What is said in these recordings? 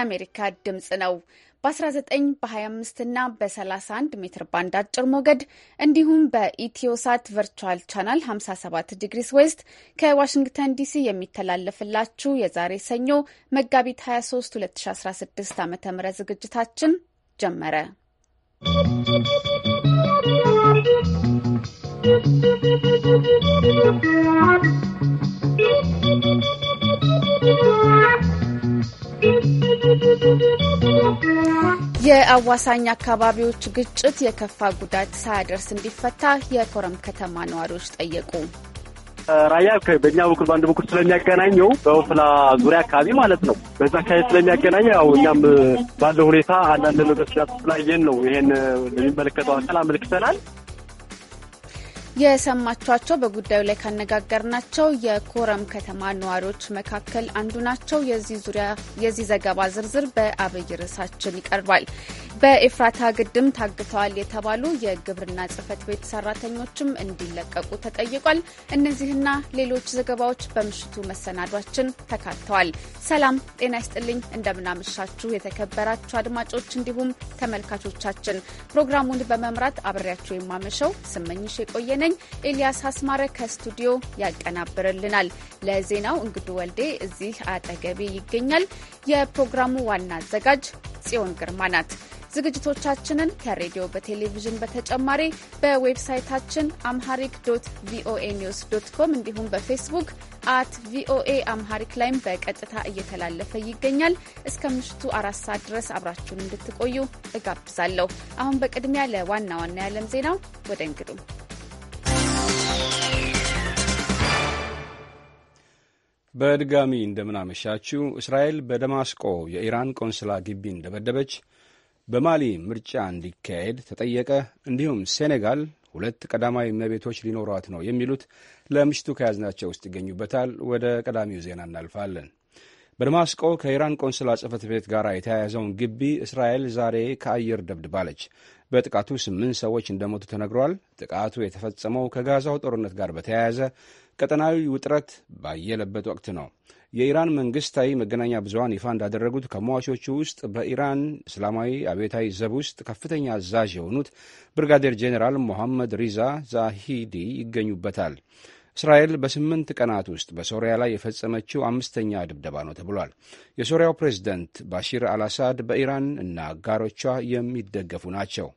የአሜሪካ ድምፅ ነው። በ19 በ25 እና በ31 ሜትር ባንድ አጭር ሞገድ እንዲሁም በኢትዮሳት ቨርቹዋል ቻናል 57 ዲግሪስ ዌስት ከዋሽንግተን ዲሲ የሚተላለፍላችሁ የዛሬ ሰኞ መጋቢት 23 2016 ዓ ም ዝግጅታችን ጀመረ። ¶¶ የአዋሳኝ አካባቢዎች ግጭት የከፋ ጉዳት ሳያደርስ እንዲፈታ የኮረም ከተማ ነዋሪዎች ጠየቁ። ራያ በእኛ በኩል በአንድ በኩል ስለሚያገናኘው በወፍላ ዙሪያ አካባቢ ማለት ነው። በዛ አካባቢ ስለሚያገናኘ ያው እኛም ባለው ሁኔታ አንዳንድ ነገሮች ስላየን ነው ይሄን ለሚመለከተው አካል አመልክተናል። የሰማችኋቸው በጉዳዩ ላይ ካነጋገርናቸው የኮረም ከተማ ነዋሪዎች መካከል አንዱ ናቸው። የዚህ ዙሪያ የዚህ ዘገባ ዝርዝር በአብይ ርዕሳችን ይቀርባል። በኤፍራታ ግድም ታግተዋል የተባሉ የግብርና ጽህፈት ቤት ሰራተኞችም እንዲለቀቁ ተጠይቋል። እነዚህና ሌሎች ዘገባዎች በምሽቱ መሰናዷችን ተካተዋል። ሰላም ጤና ይስጥልኝ፣ እንደምናመሻችሁ የተከበራችሁ አድማጮች እንዲሁም ተመልካቾቻችን። ፕሮግራሙን በመምራት አብሬያችሁ የማመሸው ስመኝሽ የቆየነኝ ኤልያስ አስማረ ከስቱዲዮ ያቀናብርልናል። ለዜናው እንግዱ ወልዴ እዚህ አጠገቤ ይገኛል። የፕሮግራሙ ዋና አዘጋጅ ጽዮን ግርማ ናት። ዝግጅቶቻችንን ከሬዲዮ በቴሌቪዥን በተጨማሪ በዌብሳይታችን አምሃሪክ ዶት ቪኦኤ ኒውስ ዶት ኮም እንዲሁም በፌስቡክ አት ቪኦኤ አምሃሪክ ላይም በቀጥታ እየተላለፈ ይገኛል። እስከ ምሽቱ አራት ሰዓት ድረስ አብራችሁን እንድትቆዩ እጋብዛለሁ። አሁን በቅድሚያ ለዋና ዋና የዓለም ዜናው ወደ እንግዱ በድጋሚ እንደምናመሻችው እስራኤል በደማስቆ የኢራን ቆንስላ ግቢ እንደመደበች በማሊ ምርጫ እንዲካሄድ ተጠየቀ። እንዲሁም ሴኔጋል ሁለት ቀዳማዊ እመቤቶች ሊኖሯት ነው የሚሉት ለምሽቱ ከያዝናቸው ውስጥ ይገኙበታል። ወደ ቀዳሚው ዜና እናልፋለን። በደማስቆ ከኢራን ቆንስላ ጽህፈት ቤት ጋር የተያያዘውን ግቢ እስራኤል ዛሬ ከአየር ደብድባለች። በጥቃቱ ስምንት ሰዎች እንደሞቱ ተነግሯል። ጥቃቱ የተፈጸመው ከጋዛው ጦርነት ጋር በተያያዘ ቀጠናዊ ውጥረት ባየለበት ወቅት ነው። የኢራን መንግስታዊ መገናኛ ብዙሀን ይፋ እንዳደረጉት ከሟቾቹ ውስጥ በኢራን እስላማዊ አብዮታዊ ዘብ ውስጥ ከፍተኛ አዛዥ የሆኑት ብርጋዴር ጄኔራል ሞሐመድ ሪዛ ዛሂዲ ይገኙበታል። እስራኤል በስምንት ቀናት ውስጥ በሶሪያ ላይ የፈጸመችው አምስተኛ ድብደባ ነው ተብሏል። የሶሪያው ፕሬዚደንት ባሺር አልአሳድ በኢራን እና አጋሮቿ የሚደገፉ ናቸው።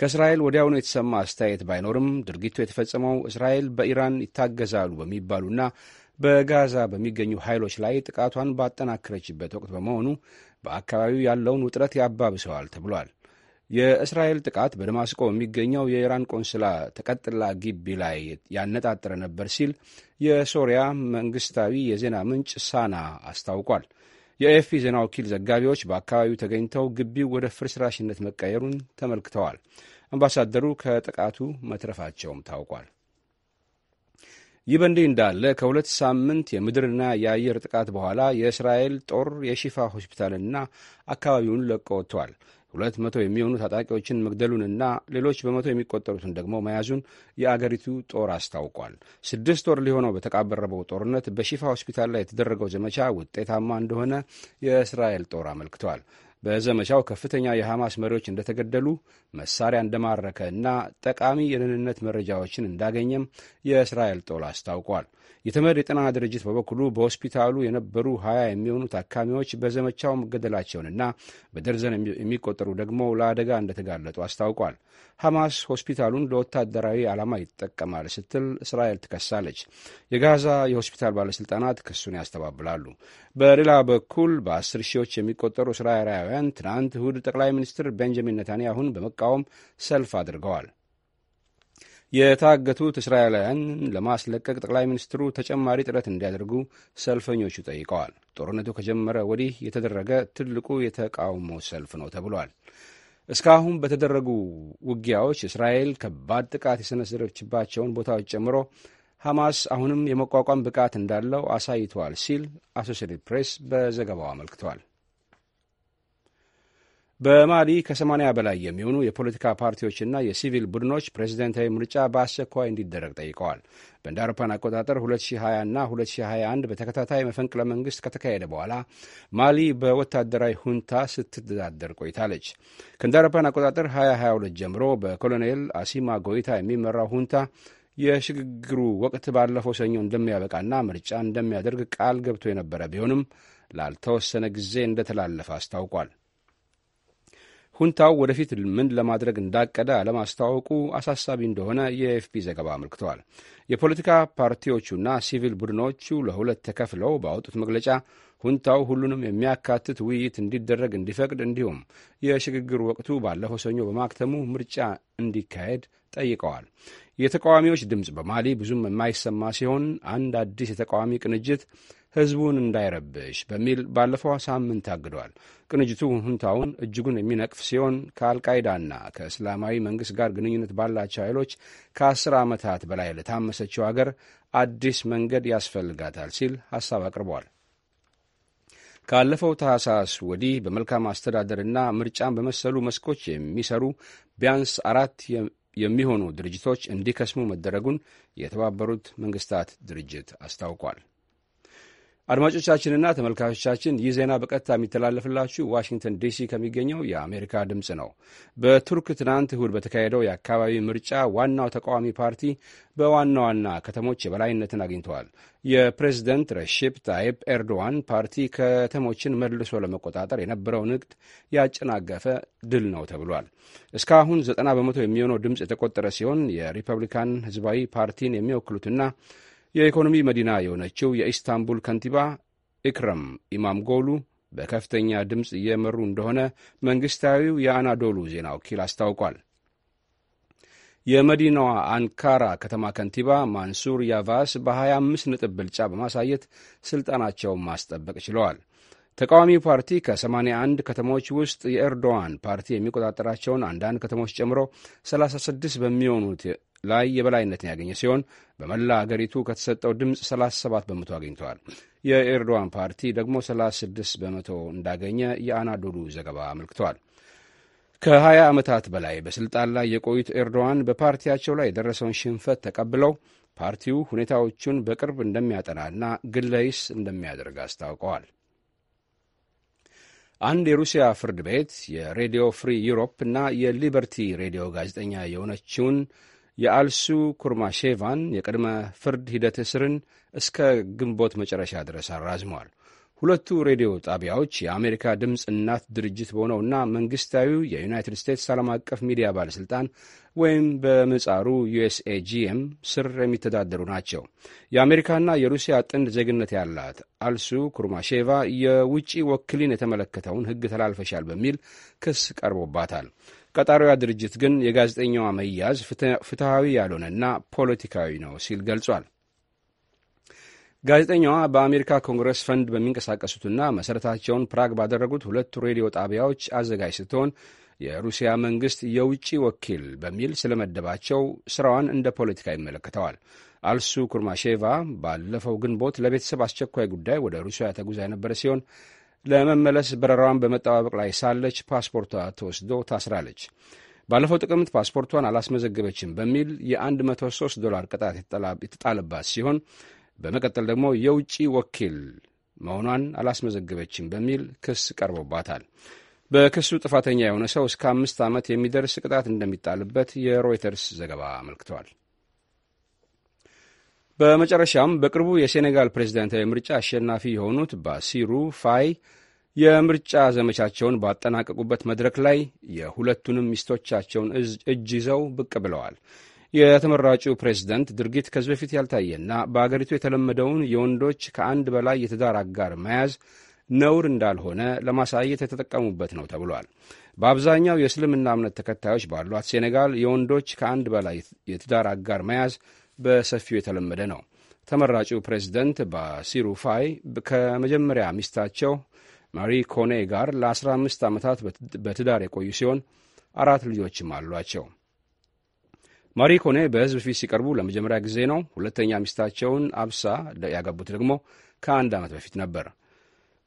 ከእስራኤል ወዲያውኑ የተሰማ አስተያየት ባይኖርም ድርጊቱ የተፈጸመው እስራኤል በኢራን ይታገዛሉ በሚባሉና በጋዛ በሚገኙ ኃይሎች ላይ ጥቃቷን ባጠናከረችበት ወቅት በመሆኑ በአካባቢው ያለውን ውጥረት ያባብሰዋል ተብሏል። የእስራኤል ጥቃት በደማስቆ በሚገኘው የኢራን ቆንስላ ተቀጥላ ግቢ ላይ ያነጣጠረ ነበር ሲል የሶሪያ መንግስታዊ የዜና ምንጭ ሳና አስታውቋል። የኤፍፒ ዜና ወኪል ዘጋቢዎች በአካባቢው ተገኝተው ግቢው ወደ ፍርስራሽነት መቀየሩን ተመልክተዋል። አምባሳደሩ ከጥቃቱ መትረፋቸውም ታውቋል። ይህ በእንዲህ እንዳለ ከሁለት ሳምንት የምድርና የአየር ጥቃት በኋላ የእስራኤል ጦር የሺፋ ሆስፒታልና አካባቢውን ለቆ ወጥቷል። ሁለት መቶ የሚሆኑ ታጣቂዎችን መግደሉንና ሌሎች በመቶ የሚቆጠሩትን ደግሞ መያዙን የአገሪቱ ጦር አስታውቋል። ስድስት ወር ሊሆነው በተቃበረበው ጦርነት በሺፋ ሆስፒታል ላይ የተደረገው ዘመቻ ውጤታማ እንደሆነ የእስራኤል ጦር አመልክቷል። በዘመቻው ከፍተኛ የሐማስ መሪዎች እንደተገደሉ መሳሪያ እንደማረከ እና ጠቃሚ የደህንነት መረጃዎችን እንዳገኘም የእስራኤል ጦር አስታውቋል። የተመድ የጤና ድርጅት በበኩሉ በሆስፒታሉ የነበሩ ሀያ የሚሆኑ ታካሚዎች በዘመቻው መገደላቸውንና በደርዘን የሚቆጠሩ ደግሞ ለአደጋ እንደተጋለጡ አስታውቋል። ሐማስ ሆስፒታሉን ለወታደራዊ ዓላማ ይጠቀማል ስትል እስራኤል ትከሳለች። የጋዛ የሆስፒታል ባለሥልጣናት ክሱን ያስተባብላሉ። በሌላ በኩል በአስር ሺዎች የሚቆጠሩ እስራኤላውያን ትናንት እሁድ ጠቅላይ ሚኒስትር ቤንጃሚን ነታንያሁን በመቃ በመቃወም ሰልፍ አድርገዋል። የታገቱት እስራኤላውያንን ለማስለቀቅ ጠቅላይ ሚኒስትሩ ተጨማሪ ጥረት እንዲያደርጉ ሰልፈኞቹ ጠይቀዋል። ጦርነቱ ከጀመረ ወዲህ የተደረገ ትልቁ የተቃውሞ ሰልፍ ነው ተብሏል። እስካሁን በተደረጉ ውጊያዎች እስራኤል ከባድ ጥቃት የሰነዘረችባቸውን ቦታዎች ጨምሮ ሐማስ አሁንም የመቋቋም ብቃት እንዳለው አሳይቷል ሲል አሶሴትድ ፕሬስ በዘገባው አመልክቷል። በማሊ ከ80 በላይ የሚሆኑ የፖለቲካ ፓርቲዎችና የሲቪል ቡድኖች ፕሬዚደንታዊ ምርጫ በአስቸኳይ እንዲደረግ ጠይቀዋል። በእንደ አውሮፓን አቆጣጠር 2020 እና 2021 በተከታታይ መፈንቅለ መንግስት ከተካሄደ በኋላ ማሊ በወታደራዊ ሁንታ ስትተዳደር ቆይታለች። ከእንደ አውሮፓን አቆጣጠር 2022 ጀምሮ በኮሎኔል አሲማ ጎይታ የሚመራው ሁንታ የሽግግሩ ወቅት ባለፈው ሰኞ እንደሚያበቃና ምርጫ እንደሚያደርግ ቃል ገብቶ የነበረ ቢሆንም ላልተወሰነ ጊዜ እንደተላለፈ አስታውቋል። ሁንታው ወደፊት ምን ለማድረግ እንዳቀደ አለማስታወቁ አሳሳቢ እንደሆነ የኤፍፒ ዘገባ አመልክተዋል። የፖለቲካ ፓርቲዎቹና ሲቪል ቡድኖቹ ለሁለት ተከፍለው ባወጡት መግለጫ ሁንታው ሁሉንም የሚያካትት ውይይት እንዲደረግ እንዲፈቅድ እንዲሁም የሽግግር ወቅቱ ባለፈው ሰኞ በማክተሙ ምርጫ እንዲካሄድ ጠይቀዋል። የተቃዋሚዎች ድምፅ በማሊ ብዙም የማይሰማ ሲሆን አንድ አዲስ የተቃዋሚ ቅንጅት ህዝቡን እንዳይረብሽ በሚል ባለፈው ሳምንት ታግዷል። ቅንጅቱ ሁንታውን እጅጉን የሚነቅፍ ሲሆን ከአልቃይዳና ከእስላማዊ መንግሥት ጋር ግንኙነት ባላቸው ኃይሎች ከአስር ዓመታት በላይ ለታመሰችው አገር አዲስ መንገድ ያስፈልጋታል ሲል ሐሳብ አቅርቧል። ካለፈው ታህሳስ ወዲህ በመልካም አስተዳደርና ምርጫን በመሰሉ መስኮች የሚሰሩ ቢያንስ አራት የሚሆኑ ድርጅቶች እንዲከስሙ መደረጉን የተባበሩት መንግስታት ድርጅት አስታውቋል። አድማጮቻችንና ተመልካቾቻችን ይህ ዜና በቀጥታ የሚተላለፍላችሁ ዋሽንግተን ዲሲ ከሚገኘው የአሜሪካ ድምፅ ነው። በቱርክ ትናንት እሁድ በተካሄደው የአካባቢ ምርጫ ዋናው ተቃዋሚ ፓርቲ በዋና ዋና ከተሞች የበላይነትን አግኝተዋል። የፕሬዝደንት ረሺፕ ታይፕ ኤርዶዋን ፓርቲ ከተሞችን መልሶ ለመቆጣጠር የነበረው ንግድ ያጨናገፈ ድል ነው ተብሏል። እስካሁን ዘጠና በመቶ የሚሆነው ድምፅ የተቆጠረ ሲሆን የሪፐብሊካን ህዝባዊ ፓርቲን የሚወክሉትና የኢኮኖሚ መዲና የሆነችው የኢስታንቡል ከንቲባ ኢክረም ኢማምጎሉ በከፍተኛ ድምፅ እየመሩ እንደሆነ መንግሥታዊው የአናዶሉ ዜና ወኪል አስታውቋል። የመዲናዋ አንካራ ከተማ ከንቲባ ማንሱር ያቫስ በ25 ነጥብ ብልጫ በማሳየት ሥልጣናቸውን ማስጠበቅ ችለዋል። ተቃዋሚ ፓርቲ ከ81 ከተሞች ውስጥ የኤርዶዋን ፓርቲ የሚቆጣጠራቸውን አንዳንድ ከተሞች ጨምሮ 36 በሚሆኑት ላይ የበላይነትን ያገኘ ሲሆን በመላ አገሪቱ ከተሰጠው ድምፅ 37 በመቶ አግኝተዋል። የኤርዶዋን ፓርቲ ደግሞ 36 በመቶ እንዳገኘ የአናዶሉ ዘገባ አመልክቷል። ከ20 ዓመታት በላይ በሥልጣን ላይ የቆዩት ኤርዶዋን በፓርቲያቸው ላይ የደረሰውን ሽንፈት ተቀብለው ፓርቲው ሁኔታዎቹን በቅርብ እንደሚያጠናና ግለይስ እንደሚያደርግ አስታውቀዋል። አንድ የሩሲያ ፍርድ ቤት የሬዲዮ ፍሪ ዩሮፕ እና የሊበርቲ ሬዲዮ ጋዜጠኛ የሆነችውን የአልሱ ኩርማሼቫን የቅድመ ፍርድ ሂደት እስርን እስከ ግንቦት መጨረሻ ድረስ አራዝመዋል። ሁለቱ ሬዲዮ ጣቢያዎች የአሜሪካ ድምፅ እናት ድርጅት በሆነውና መንግሥታዊው የዩናይትድ ስቴትስ ዓለም አቀፍ ሚዲያ ባለሥልጣን ወይም በምጻሩ ዩኤስኤጂኤም ስር የሚተዳደሩ ናቸው። የአሜሪካና የሩሲያ ጥንድ ዜግነት ያላት አልሱ ኩርማሼቫ የውጪ ወክሊን የተመለከተውን ሕግ ተላልፈሻል በሚል ክስ ቀርቦባታል። ቀጣሪዋ ድርጅት ግን የጋዜጠኛዋ መያዝ ፍትሐዊ ያልሆነና ፖለቲካዊ ነው ሲል ገልጿል። ጋዜጠኛዋ በአሜሪካ ኮንግረስ ፈንድ በሚንቀሳቀሱትና መሠረታቸውን ፕራግ ባደረጉት ሁለት ሬዲዮ ጣቢያዎች አዘጋጅ ስትሆን የሩሲያ መንግሥት የውጭ ወኪል በሚል ስለመደባቸው ሥራዋን እንደ ፖለቲካ ይመለከተዋል። አልሱ ኩርማሼቫ ባለፈው ግንቦት ለቤተሰብ አስቸኳይ ጉዳይ ወደ ሩሲያ ተጉዛ የነበረ ሲሆን ለመመለስ በረራዋን በመጠባበቅ ላይ ሳለች ፓስፖርቷ ተወስዶ ታስራለች። ባለፈው ጥቅምት ፓስፖርቷን አላስመዘገበችም በሚል የ103 ዶላር ቅጣት የተጣለባት ሲሆን በመቀጠል ደግሞ የውጭ ወኪል መሆኗን አላስመዘገበችም በሚል ክስ ቀርቦባታል። በክሱ ጥፋተኛ የሆነ ሰው እስከ አምስት ዓመት የሚደርስ ቅጣት እንደሚጣልበት የሮይተርስ ዘገባ አመልክቷል። በመጨረሻም በቅርቡ የሴኔጋል ፕሬዚዳንታዊ ምርጫ አሸናፊ የሆኑት ባሲሩ ፋይ የምርጫ ዘመቻቸውን ባጠናቀቁበት መድረክ ላይ የሁለቱንም ሚስቶቻቸውን እጅ ይዘው ብቅ ብለዋል። የተመራጩ ፕሬዝደንት ድርጊት ከዚህ በፊት ያልታየና በአገሪቱ የተለመደውን የወንዶች ከአንድ በላይ የትዳር አጋር መያዝ ነውር እንዳልሆነ ለማሳየት የተጠቀሙበት ነው ተብሏል። በአብዛኛው የእስልምና እምነት ተከታዮች ባሏት ሴኔጋል የወንዶች ከአንድ በላይ የትዳር አጋር መያዝ በሰፊው የተለመደ ነው። ተመራጩ ባሲሩ ባሲሩፋይ ከመጀመሪያ ሚስታቸው ማሪ ኮኔ ጋር ለ15 ዓመታት በትዳር የቆዩ ሲሆን አራት ልጆችም አሏቸው። ማሪ ኮኔ በሕዝብ ፊት ሲቀርቡ ለመጀመሪያ ጊዜ ነው። ሁለተኛ ሚስታቸውን አብሳ ያገቡት ደግሞ ከአንድ ዓመት በፊት ነበር።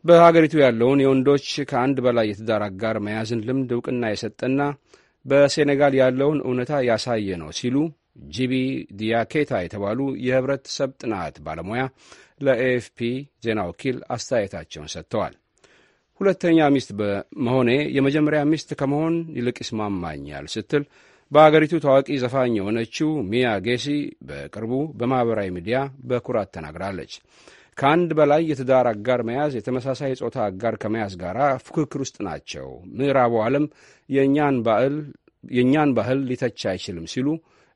በሀገሪቱ ያለውን የወንዶች ከአንድ በላይ የትዳር አጋር መያዝን ልምድ እውቅና የሰጠና በሴኔጋል ያለውን እውነታ ያሳየ ነው ሲሉ ጂቢ ዲያኬታ የተባሉ የህብረተሰብ ጥናት ባለሙያ ለኤኤፍፒ ዜና ወኪል አስተያየታቸውን ሰጥተዋል። ሁለተኛ ሚስት በመሆኔ የመጀመሪያ ሚስት ከመሆን ይልቅ ይስማማኛል ስትል በአገሪቱ ታዋቂ ዘፋኝ የሆነችው ሚያ ጌሲ በቅርቡ በማኅበራዊ ሚዲያ በኩራት ተናግራለች። ከአንድ በላይ የትዳር አጋር መያዝ የተመሳሳይ ጾታ አጋር ከመያዝ ጋር ፉክክር ውስጥ ናቸው። ምዕራቡ ዓለም የእኛን ባህል ሊተች አይችልም ሲሉ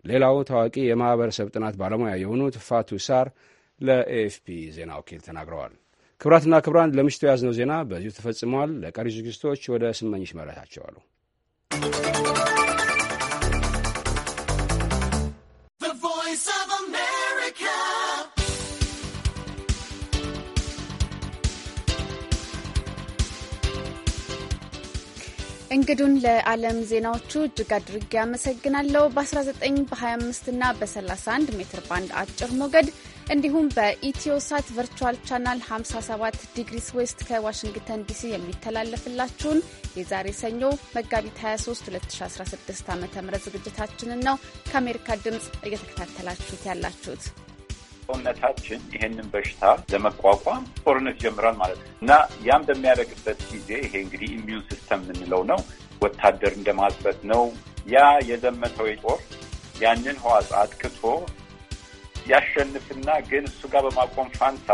ሌላው ታዋቂ የማኅበረሰብ ጥናት ባለሙያ የሆኑት ፋቱ ሳር ለኤኤፍፒ ዜና ወኪል ተናግረዋል። ክብራትና ክብራን ለምሽቱ የያዝነው ዜና በዚሁ ተፈጽመዋል። ለቀሪ ዝግጅቶች ወደ ስመኝሽ መረታቸዋሉ። እንግዱን ለዓለም ዜናዎቹ እጅግ አድርጌ አመሰግናለሁ። በ19 በ25 እና በ31 ሜትር ባንድ አጭር ሞገድ እንዲሁም በኢትዮሳት ቨርቹዋል ቻናል 57 ዲግሪስ ዌስት ከዋሽንግተን ዲሲ የሚተላለፍላችሁን የዛሬ ሰኞ መጋቢት 23 2016 ዓ ም ዝግጅታችንን ነው ከአሜሪካ ድምፅ እየተከታተላችሁት ያላችሁት። ሰውነታችን ይሄንን በሽታ ለመቋቋም ጦርነት ይጀምራል ማለት ነው እና ያም በሚያደርግበት ጊዜ ይሄ እንግዲህ ኢሚዩን ሲስተም የምንለው ነው። ወታደር እንደማዝበት ነው። ያ የዘመተው የጦር ያንን ህዋስ አጥቅቶ ያሸንፍና ግን እሱ ጋር በማቆም ፋንታ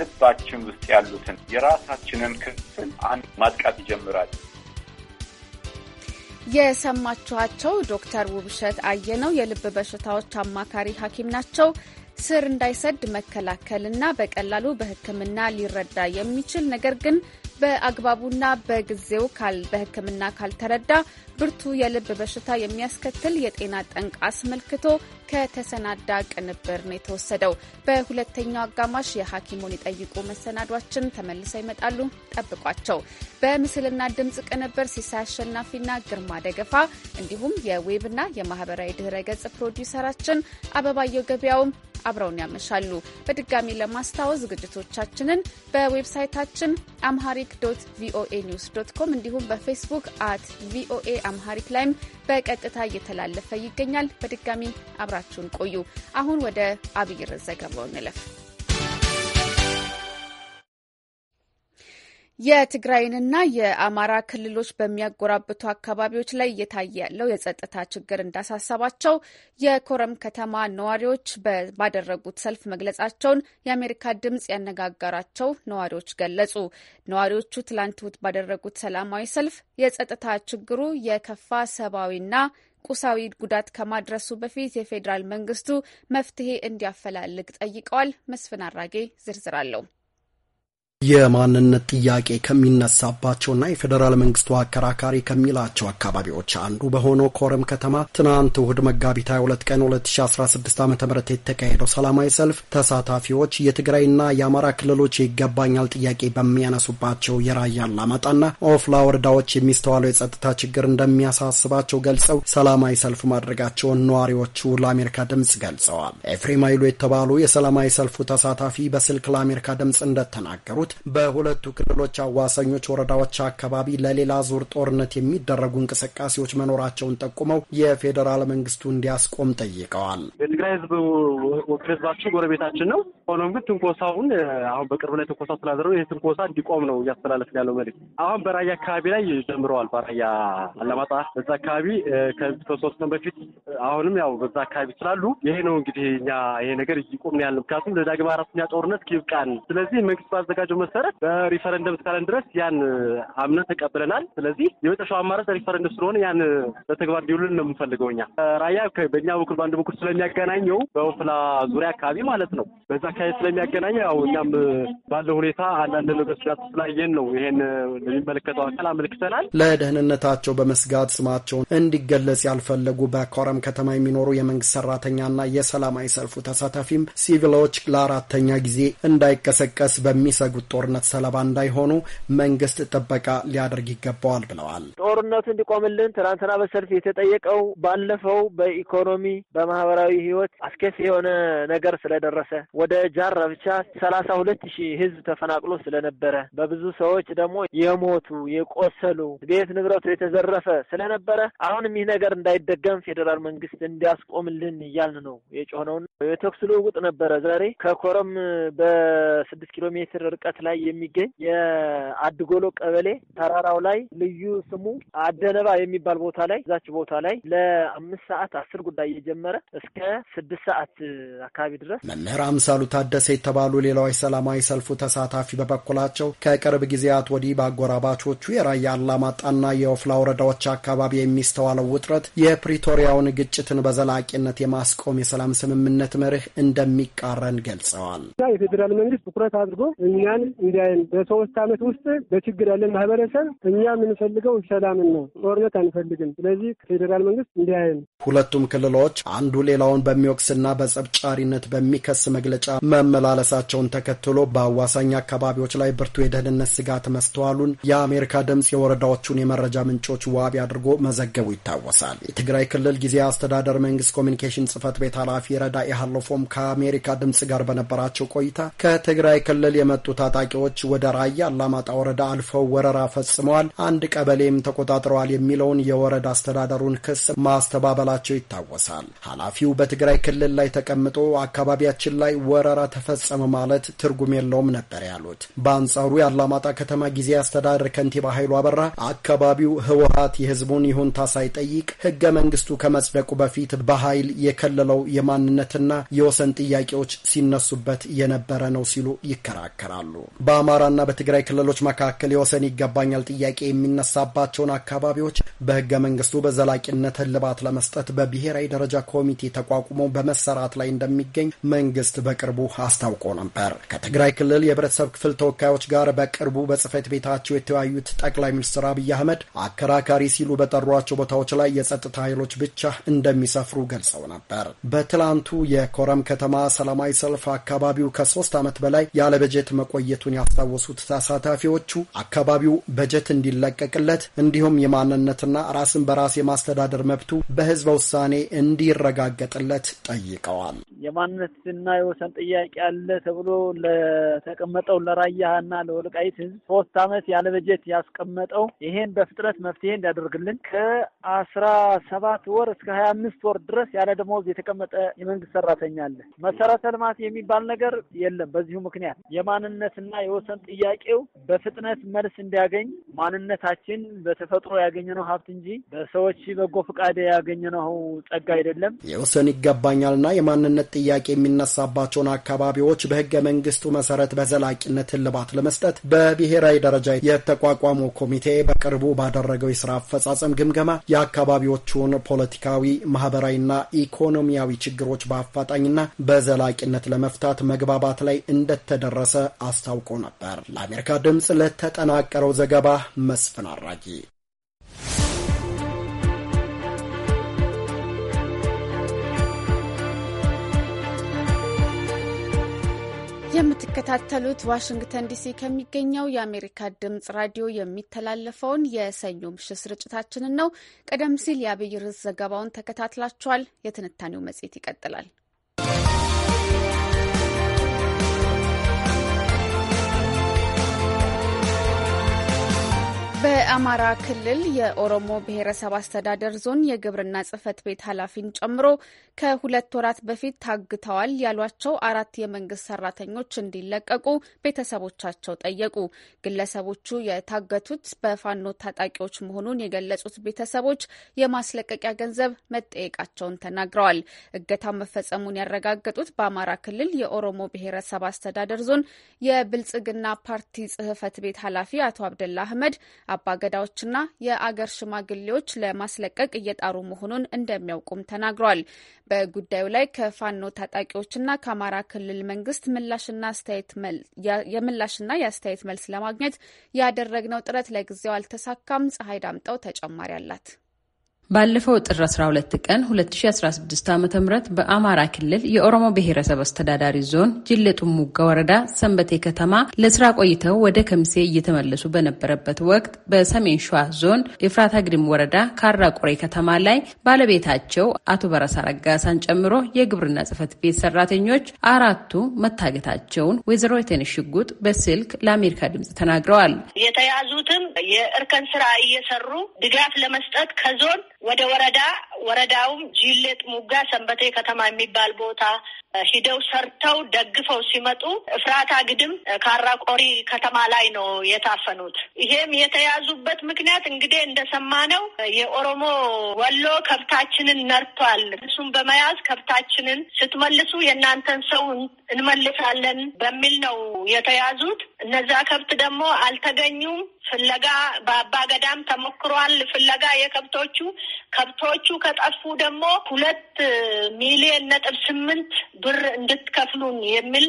ልባችን ውስጥ ያሉትን የራሳችንን ክፍል አንድ ማጥቃት ይጀምራል። የሰማችኋቸው ዶክተር ውብሸት አየነው የልብ በሽታዎች አማካሪ ሐኪም ናቸው። ስር እንዳይሰድ መከላከልና በቀላሉ በሕክምና ሊረዳ የሚችል ነገር ግን በአግባቡና በጊዜው በሕክምና ካልተረዳ ብርቱ የልብ በሽታ የሚያስከትል የጤና ጠንቅ አስመልክቶ ከተሰናዳ ቅንብር ነው የተወሰደው። በሁለተኛው አጋማሽ የሐኪሙን ይጠይቁ መሰናዷችን ተመልሰው ይመጣሉ፣ ጠብቋቸው። በምስልና ድምፅ ቅንብር ሲሳይ አሸናፊና ግርማ ደገፋ እንዲሁም የዌብና የማህበራዊ ድህረ ገጽ ፕሮዲውሰራችን አበባየው ገበያውም አብረውን ያመሻሉ። በድጋሚ ለማስታወስ ዝግጅቶቻችንን በዌብሳይታችን አምሃሪክ ዶት ቪኦኤ ኒውስ ዶት ኮም እንዲሁም በፌስቡክ አት ቪኦኤ አምሃሪክ ላይም በቀጥታ እየተላለፈ ይገኛል። በድጋሚ አብራችሁን ቆዩ። አሁን ወደ አብይ ዘገባው እንለፍ። የትግራይንና የአማራ ክልሎች በሚያጎራብቱ አካባቢዎች ላይ እየታየ ያለው የጸጥታ ችግር እንዳሳሰባቸው የኮረም ከተማ ነዋሪዎች ባደረጉት ሰልፍ መግለጻቸውን የአሜሪካ ድምጽ ያነጋገራቸው ነዋሪዎች ገለጹ። ነዋሪዎቹ ትላንት እሁድ ባደረጉት ሰላማዊ ሰልፍ የጸጥታ ችግሩ የከፋ ሰብአዊና ቁሳዊ ጉዳት ከማድረሱ በፊት የፌዴራል መንግስቱ መፍትሄ እንዲያፈላልግ ጠይቀዋል። መስፍን አራጌ ዝርዝር አለው። የማንነት ጥያቄ ከሚነሳባቸውና የፌዴራል መንግስቱ አከራካሪ ከሚላቸው አካባቢዎች አንዱ በሆነው ኮረም ከተማ ትናንት እሁድ መጋቢት 22 ቀን 2016 ዓ ም የተካሄደው ሰላማዊ ሰልፍ ተሳታፊዎች የትግራይና የአማራ ክልሎች ይገባኛል ጥያቄ በሚያነሱባቸው የራያ አላማጣና ኦፍላ ወረዳዎች የሚስተዋለው የጸጥታ ችግር እንደሚያሳስባቸው ገልጸው ሰላማዊ ሰልፍ ማድረጋቸውን ነዋሪዎቹ ለአሜሪካ ድምፅ ገልጸዋል። ኤፍሬም ኃይሉ የተባሉ የሰላማዊ ሰልፉ ተሳታፊ በስልክ ለአሜሪካ ድምፅ እንደተናገሩት በሁለቱ ክልሎች አዋሳኞች ወረዳዎች አካባቢ ለሌላ ዙር ጦርነት የሚደረጉ እንቅስቃሴዎች መኖራቸውን ጠቁመው የፌዴራል መንግስቱ እንዲያስቆም ጠይቀዋል። የትግራይ ህዝብ ወክል ህዝባችን ጎረቤታችን ነው። ሆኖም ግን ትንኮሳውን አሁን በቅርብ ላይ ትንኮሳ ስላደረገው ይህ ትንኮሳ እንዲቆም ነው እያስተላለፍን ያለው መልዕክት። አሁን በራያ አካባቢ ላይ ጀምረዋል። በራያ አላማጣ፣ በዛ አካባቢ ከሶስት ቀን በፊት አሁንም ያው በዛ አካባቢ ስላሉ ይሄ ነው እንግዲህ እኛ ይሄ ነገር እይቆም ያለ ምክንያቱም ለዳግም አራተኛ ጦርነት ይብቃን። ስለዚህ መንግስት ባዘጋጀው መሰረት በሪፈረንደም እስካለን ድረስ ያን አምነን ተቀብለናል። ስለዚህ የመጨረሻው አማራጭ ሪፈረንደም ስለሆነ ያን በተግባር እንዲውልን ነው የምንፈልገው። እኛ ራያ በእኛ በኩል በአንድ በኩል ስለሚያገናኘው በወፍላ ዙሪያ አካባቢ ማለት ነው በዛ አካባቢ ስለሚያገናኘው ያው እኛም ባለው ሁኔታ አንዳንድ ነገር ስላየን ነው ይሄን ለሚመለከተው አካል አመልክተናል። ለደህንነታቸው በመስጋት ስማቸውን እንዲገለጽ ያልፈለጉ በኮረም ከተማ የሚኖሩ የመንግስት ሰራተኛና የሰላማዊ ሰልፉ ተሳታፊም ሲቪሎች ለአራተኛ ጊዜ እንዳይቀሰቀስ በሚሰጉ ለሚያካሂዱት ጦርነት ሰለባ እንዳይሆኑ መንግስት ጥበቃ ሊያደርግ ይገባዋል ብለዋል። ጦርነቱ እንዲቆምልን ትናንትና በሰልፍ የተጠየቀው ባለፈው በኢኮኖሚ በማህበራዊ ህይወት አስከፊ የሆነ ነገር ስለደረሰ ወደ ጃራ ብቻ ሰላሳ ሁለት ሺህ ህዝብ ተፈናቅሎ ስለነበረ በብዙ ሰዎች ደግሞ የሞቱ የቆሰሉ ቤት ንብረቱ የተዘረፈ ስለነበረ አሁንም ይህ ነገር እንዳይደገም ፌዴራል መንግስት እንዲያስቆምልን እያልን ነው የጮኸነውና የተኩስ ልውውጥ ነበረ ዛሬ ከኮረም በስድስት ኪሎ ሜትር ርቀት ርቀት ላይ የሚገኝ የአድጎሎ ቀበሌ ተራራው ላይ ልዩ ስሙ አደነባ የሚባል ቦታ ላይ እዛች ቦታ ላይ ለአምስት ሰዓት አስር ጉዳይ እየጀመረ እስከ ስድስት ሰዓት አካባቢ ድረስ መምህር አምሳሉ ታደሰ የተባሉ ሌላዎች ሰላማዊ ሰልፉ ተሳታፊ በበኩላቸው ከቅርብ ጊዜያት ወዲህ በአጎራባቾቹ የራያ አላማጣና የወፍላ ወረዳዎች አካባቢ የሚስተዋለው ውጥረት የፕሪቶሪያውን ግጭትን በዘላቂነት የማስቆም የሰላም ስምምነት መርህ እንደሚቃረን ገልጸዋል። የፌዴራል መንግስት ትኩረት አድርጎ እኛን እንዲህ አይነት በሶስት ዓመት ውስጥ በችግር ያለን ማህበረሰብ እኛ የምንፈልገው ሰላምን ነው፣ ጦርነት አንፈልግም። ስለዚህ ፌዴራል መንግስት እንዳይን ሁለቱም ክልሎች አንዱ ሌላውን በሚወቅስና በጸብ ጫሪነት በሚከስ መግለጫ መመላለሳቸውን ተከትሎ በአዋሳኝ አካባቢዎች ላይ ብርቱ የደህንነት ስጋት መስተዋሉን የአሜሪካ ድምፅ የወረዳዎቹን የመረጃ ምንጮች ዋቢ አድርጎ መዘገቡ ይታወሳል። የትግራይ ክልል ጊዜ አስተዳደር መንግስት ኮሚኒኬሽን ጽህፈት ቤት ኃላፊ ረዳ ሃለፎም ከአሜሪካ ድምፅ ጋር በነበራቸው ቆይታ ከትግራይ ክልል የመጡ ታጣቂዎች ወደ ራያ አላማጣ ወረዳ አልፈው ወረራ ፈጽመዋል፣ አንድ ቀበሌም ተቆጣጥረዋል የሚለውን የወረዳ አስተዳደሩን ክስ ማስተባበላቸው ይታወሳል። ኃላፊው በትግራይ ክልል ላይ ተቀምጦ አካባቢያችን ላይ ወረራ ተፈጸመ ማለት ትርጉም የለውም ነበር ያሉት። በአንጻሩ የአላማጣ ከተማ ጊዜ አስተዳደር ከንቲባ ኃይሉ አበራ አካባቢው ህወሀት የህዝቡን ይሁንታ ሳይጠይቅ ህገ መንግስቱ ከመጽደቁ በፊት በኃይል የከለለው የማንነትና የወሰን ጥያቄዎች ሲነሱበት የነበረ ነው ሲሉ ይከራከራሉ። በአማራና በትግራይ ክልሎች መካከል የወሰን ይገባኛል ጥያቄ የሚነሳባቸውን አካባቢዎች በህገ መንግስቱ በዘላቂነት እልባት ለመስጠት በብሔራዊ ደረጃ ኮሚቴ ተቋቁሞ በመሰራት ላይ እንደሚገኝ መንግስት በቅርቡ አስታውቆ ነበር። ከትግራይ ክልል የህብረተሰብ ክፍል ተወካዮች ጋር በቅርቡ በጽህፈት ቤታቸው የተወያዩት ጠቅላይ ሚኒስትር አብይ አህመድ አከራካሪ ሲሉ በጠሯቸው ቦታዎች ላይ የጸጥታ ኃይሎች ብቻ እንደሚሰፍሩ ገልጸው ነበር። በትላንቱ የኮረም ከተማ ሰላማዊ ሰልፍ አካባቢው ከሶስት ዓመት በላይ ያለ በጀት መቆየ መቆየቱን ያስታወሱት ተሳታፊዎቹ አካባቢው በጀት እንዲለቀቅለት እንዲሁም የማንነትና ራስን በራስ የማስተዳደር መብቱ በህዝበ ውሳኔ እንዲረጋገጥለት ጠይቀዋል። የማንነትና የወሰን ጥያቄ አለ ተብሎ ለተቀመጠው ለራያና ለወልቃይት ህዝብ ሶስት አመት ያለ በጀት ያስቀመጠው ይሄን በፍጥነት መፍትሄ እንዲያደርግልን ከአስራ ሰባት ወር እስከ ሀያ አምስት ወር ድረስ ያለ ደሞዝ የተቀመጠ የመንግስት ሰራተኛ አለ። መሰረተ ልማት የሚባል ነገር የለም። በዚሁ ምክንያት የማንነት የመሬትና የወሰን ጥያቄው በፍጥነት መልስ እንዲያገኝ ማንነታችን በተፈጥሮ ያገኘነው ሀብት እንጂ በሰዎች በጎ ፈቃድ ያገኘነው ጸጋ አይደለም። የወሰን ይገባኛልና የማንነት ጥያቄ የሚነሳባቸውን አካባቢዎች በህገ መንግስቱ መሰረት በዘላቂነት እልባት ለመስጠት በብሔራዊ ደረጃ የተቋቋመው ኮሚቴ በቅርቡ ባደረገው የስራ አፈጻጸም ግምገማ የአካባቢዎቹን ፖለቲካዊ፣ ማህበራዊና ኢኮኖሚያዊ ችግሮች በአፋጣኝና በዘላቂነት ለመፍታት መግባባት ላይ እንደተደረሰ አስታ አስታውቆ ነበር። ለአሜሪካ ድምፅ ለተጠናቀረው ዘገባ መስፍን አራጊ የምትከታተሉት ዋሽንግተን ዲሲ ከሚገኘው የአሜሪካ ድምጽ ራዲዮ የሚተላለፈውን የሰኞ ምሽት ስርጭታችንን ነው። ቀደም ሲል የአብይ ርዕስ ዘገባውን ተከታትላችኋል። የትንታኔው መጽሔት ይቀጥላል። በአማራ ክልል የኦሮሞ ብሔረሰብ አስተዳደር ዞን የግብርና ጽህፈት ቤት ኃላፊን ጨምሮ ከሁለት ወራት በፊት ታግተዋል ያሏቸው አራት የመንግስት ሰራተኞች እንዲለቀቁ ቤተሰቦቻቸው ጠየቁ። ግለሰቦቹ የታገቱት በፋኖ ታጣቂዎች መሆኑን የገለጹት ቤተሰቦች የማስለቀቂያ ገንዘብ መጠየቃቸውን ተናግረዋል። እገታው መፈጸሙን ያረጋገጡት በአማራ ክልል የኦሮሞ ብሔረሰብ አስተዳደር ዞን የብልጽግና ፓርቲ ጽህፈት ቤት ኃላፊ አቶ አብደላ አህመድ አባ አገዳዎችና የአገር ሽማግሌዎች ለማስለቀቅ እየጣሩ መሆኑን እንደሚያውቁም ተናግሯል። በጉዳዩ ላይ ከፋኖ ታጣቂዎችና ከአማራ ክልል መንግስት የምላሽና የአስተያየት መልስ ለማግኘት ያደረግነው ጥረት ለጊዜው አልተሳካም። ፀሐይ ዳምጠው ተጨማሪ አላት። ባለፈው ጥር 12 ቀን 2016 ዓ ም በአማራ ክልል የኦሮሞ ብሔረሰብ አስተዳዳሪ ዞን ጅሌ ጥሙጋ ወረዳ ሰንበቴ ከተማ ለስራ ቆይተው ወደ ከምሴ እየተመለሱ በነበረበት ወቅት በሰሜን ሸዋ ዞን የፍራት ግድም ወረዳ ካራቁሬ ከተማ ላይ ባለቤታቸው አቶ በረሳ ረጋሳን ጨምሮ የግብርና ጽህፈት ቤት ሰራተኞች አራቱ መታገታቸውን ወይዘሮ የተንሽ ሽጉጥ በስልክ ለአሜሪካ ድምጽ ተናግረዋል። የተያዙትም የእርከን ስራ እየሰሩ ድጋፍ ለመስጠት ከዞን ወደ ወረዳ ወረዳውም ጅሌጥ ሙጋ ሰንበቴ ከተማ የሚባል ቦታ ሂደው ሰርተው ደግፈው ሲመጡ እፍራታ ግድም ካራቆሪ ከተማ ላይ ነው የታፈኑት። ይሄም የተያዙበት ምክንያት እንግዲህ እንደሰማነው የኦሮሞ ወሎ ከብታችንን ነርቷል፣ እሱም በመያዝ ከብታችንን ስትመልሱ የእናንተን ሰው እንመልሳለን በሚል ነው የተያዙት። እነዛ ከብት ደግሞ አልተገኙም። ፍለጋ በአባ ገዳም ተሞክሯል። ፍለጋ የከብቶቹ ከብቶቹ ከጠፉ ደግሞ ሁለት ሚሊዮን ነጥብ ስምንት ብር እንድትከፍሉን የሚል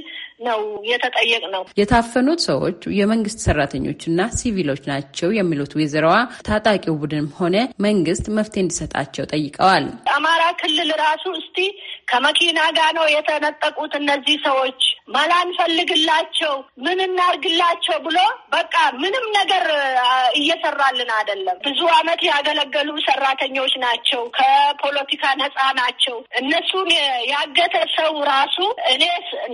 ነው የተጠየቅ ነው። የታፈኑት ሰዎች የመንግስት ሰራተኞችና ሲቪሎች ናቸው የሚሉት ወይዘሮዋ ታጣቂው ቡድንም ሆነ መንግስት መፍትሄ እንዲሰጣቸው ጠይቀዋል። አማራ ክልል ራሱ እስቲ ከመኪና ጋር ነው የተነጠቁት እነዚህ ሰዎች መላ እንፈልግላቸው ምን እናርግላቸው ብሎ በቃ ምንም ነገር እየሰራልን አይደለም። ብዙ አመት ያገለገሉ ሰራተኞች ናቸው። ከፖለቲካ ነጻ ናቸው። እነሱን ያገተ ሰው ራሱ እኔ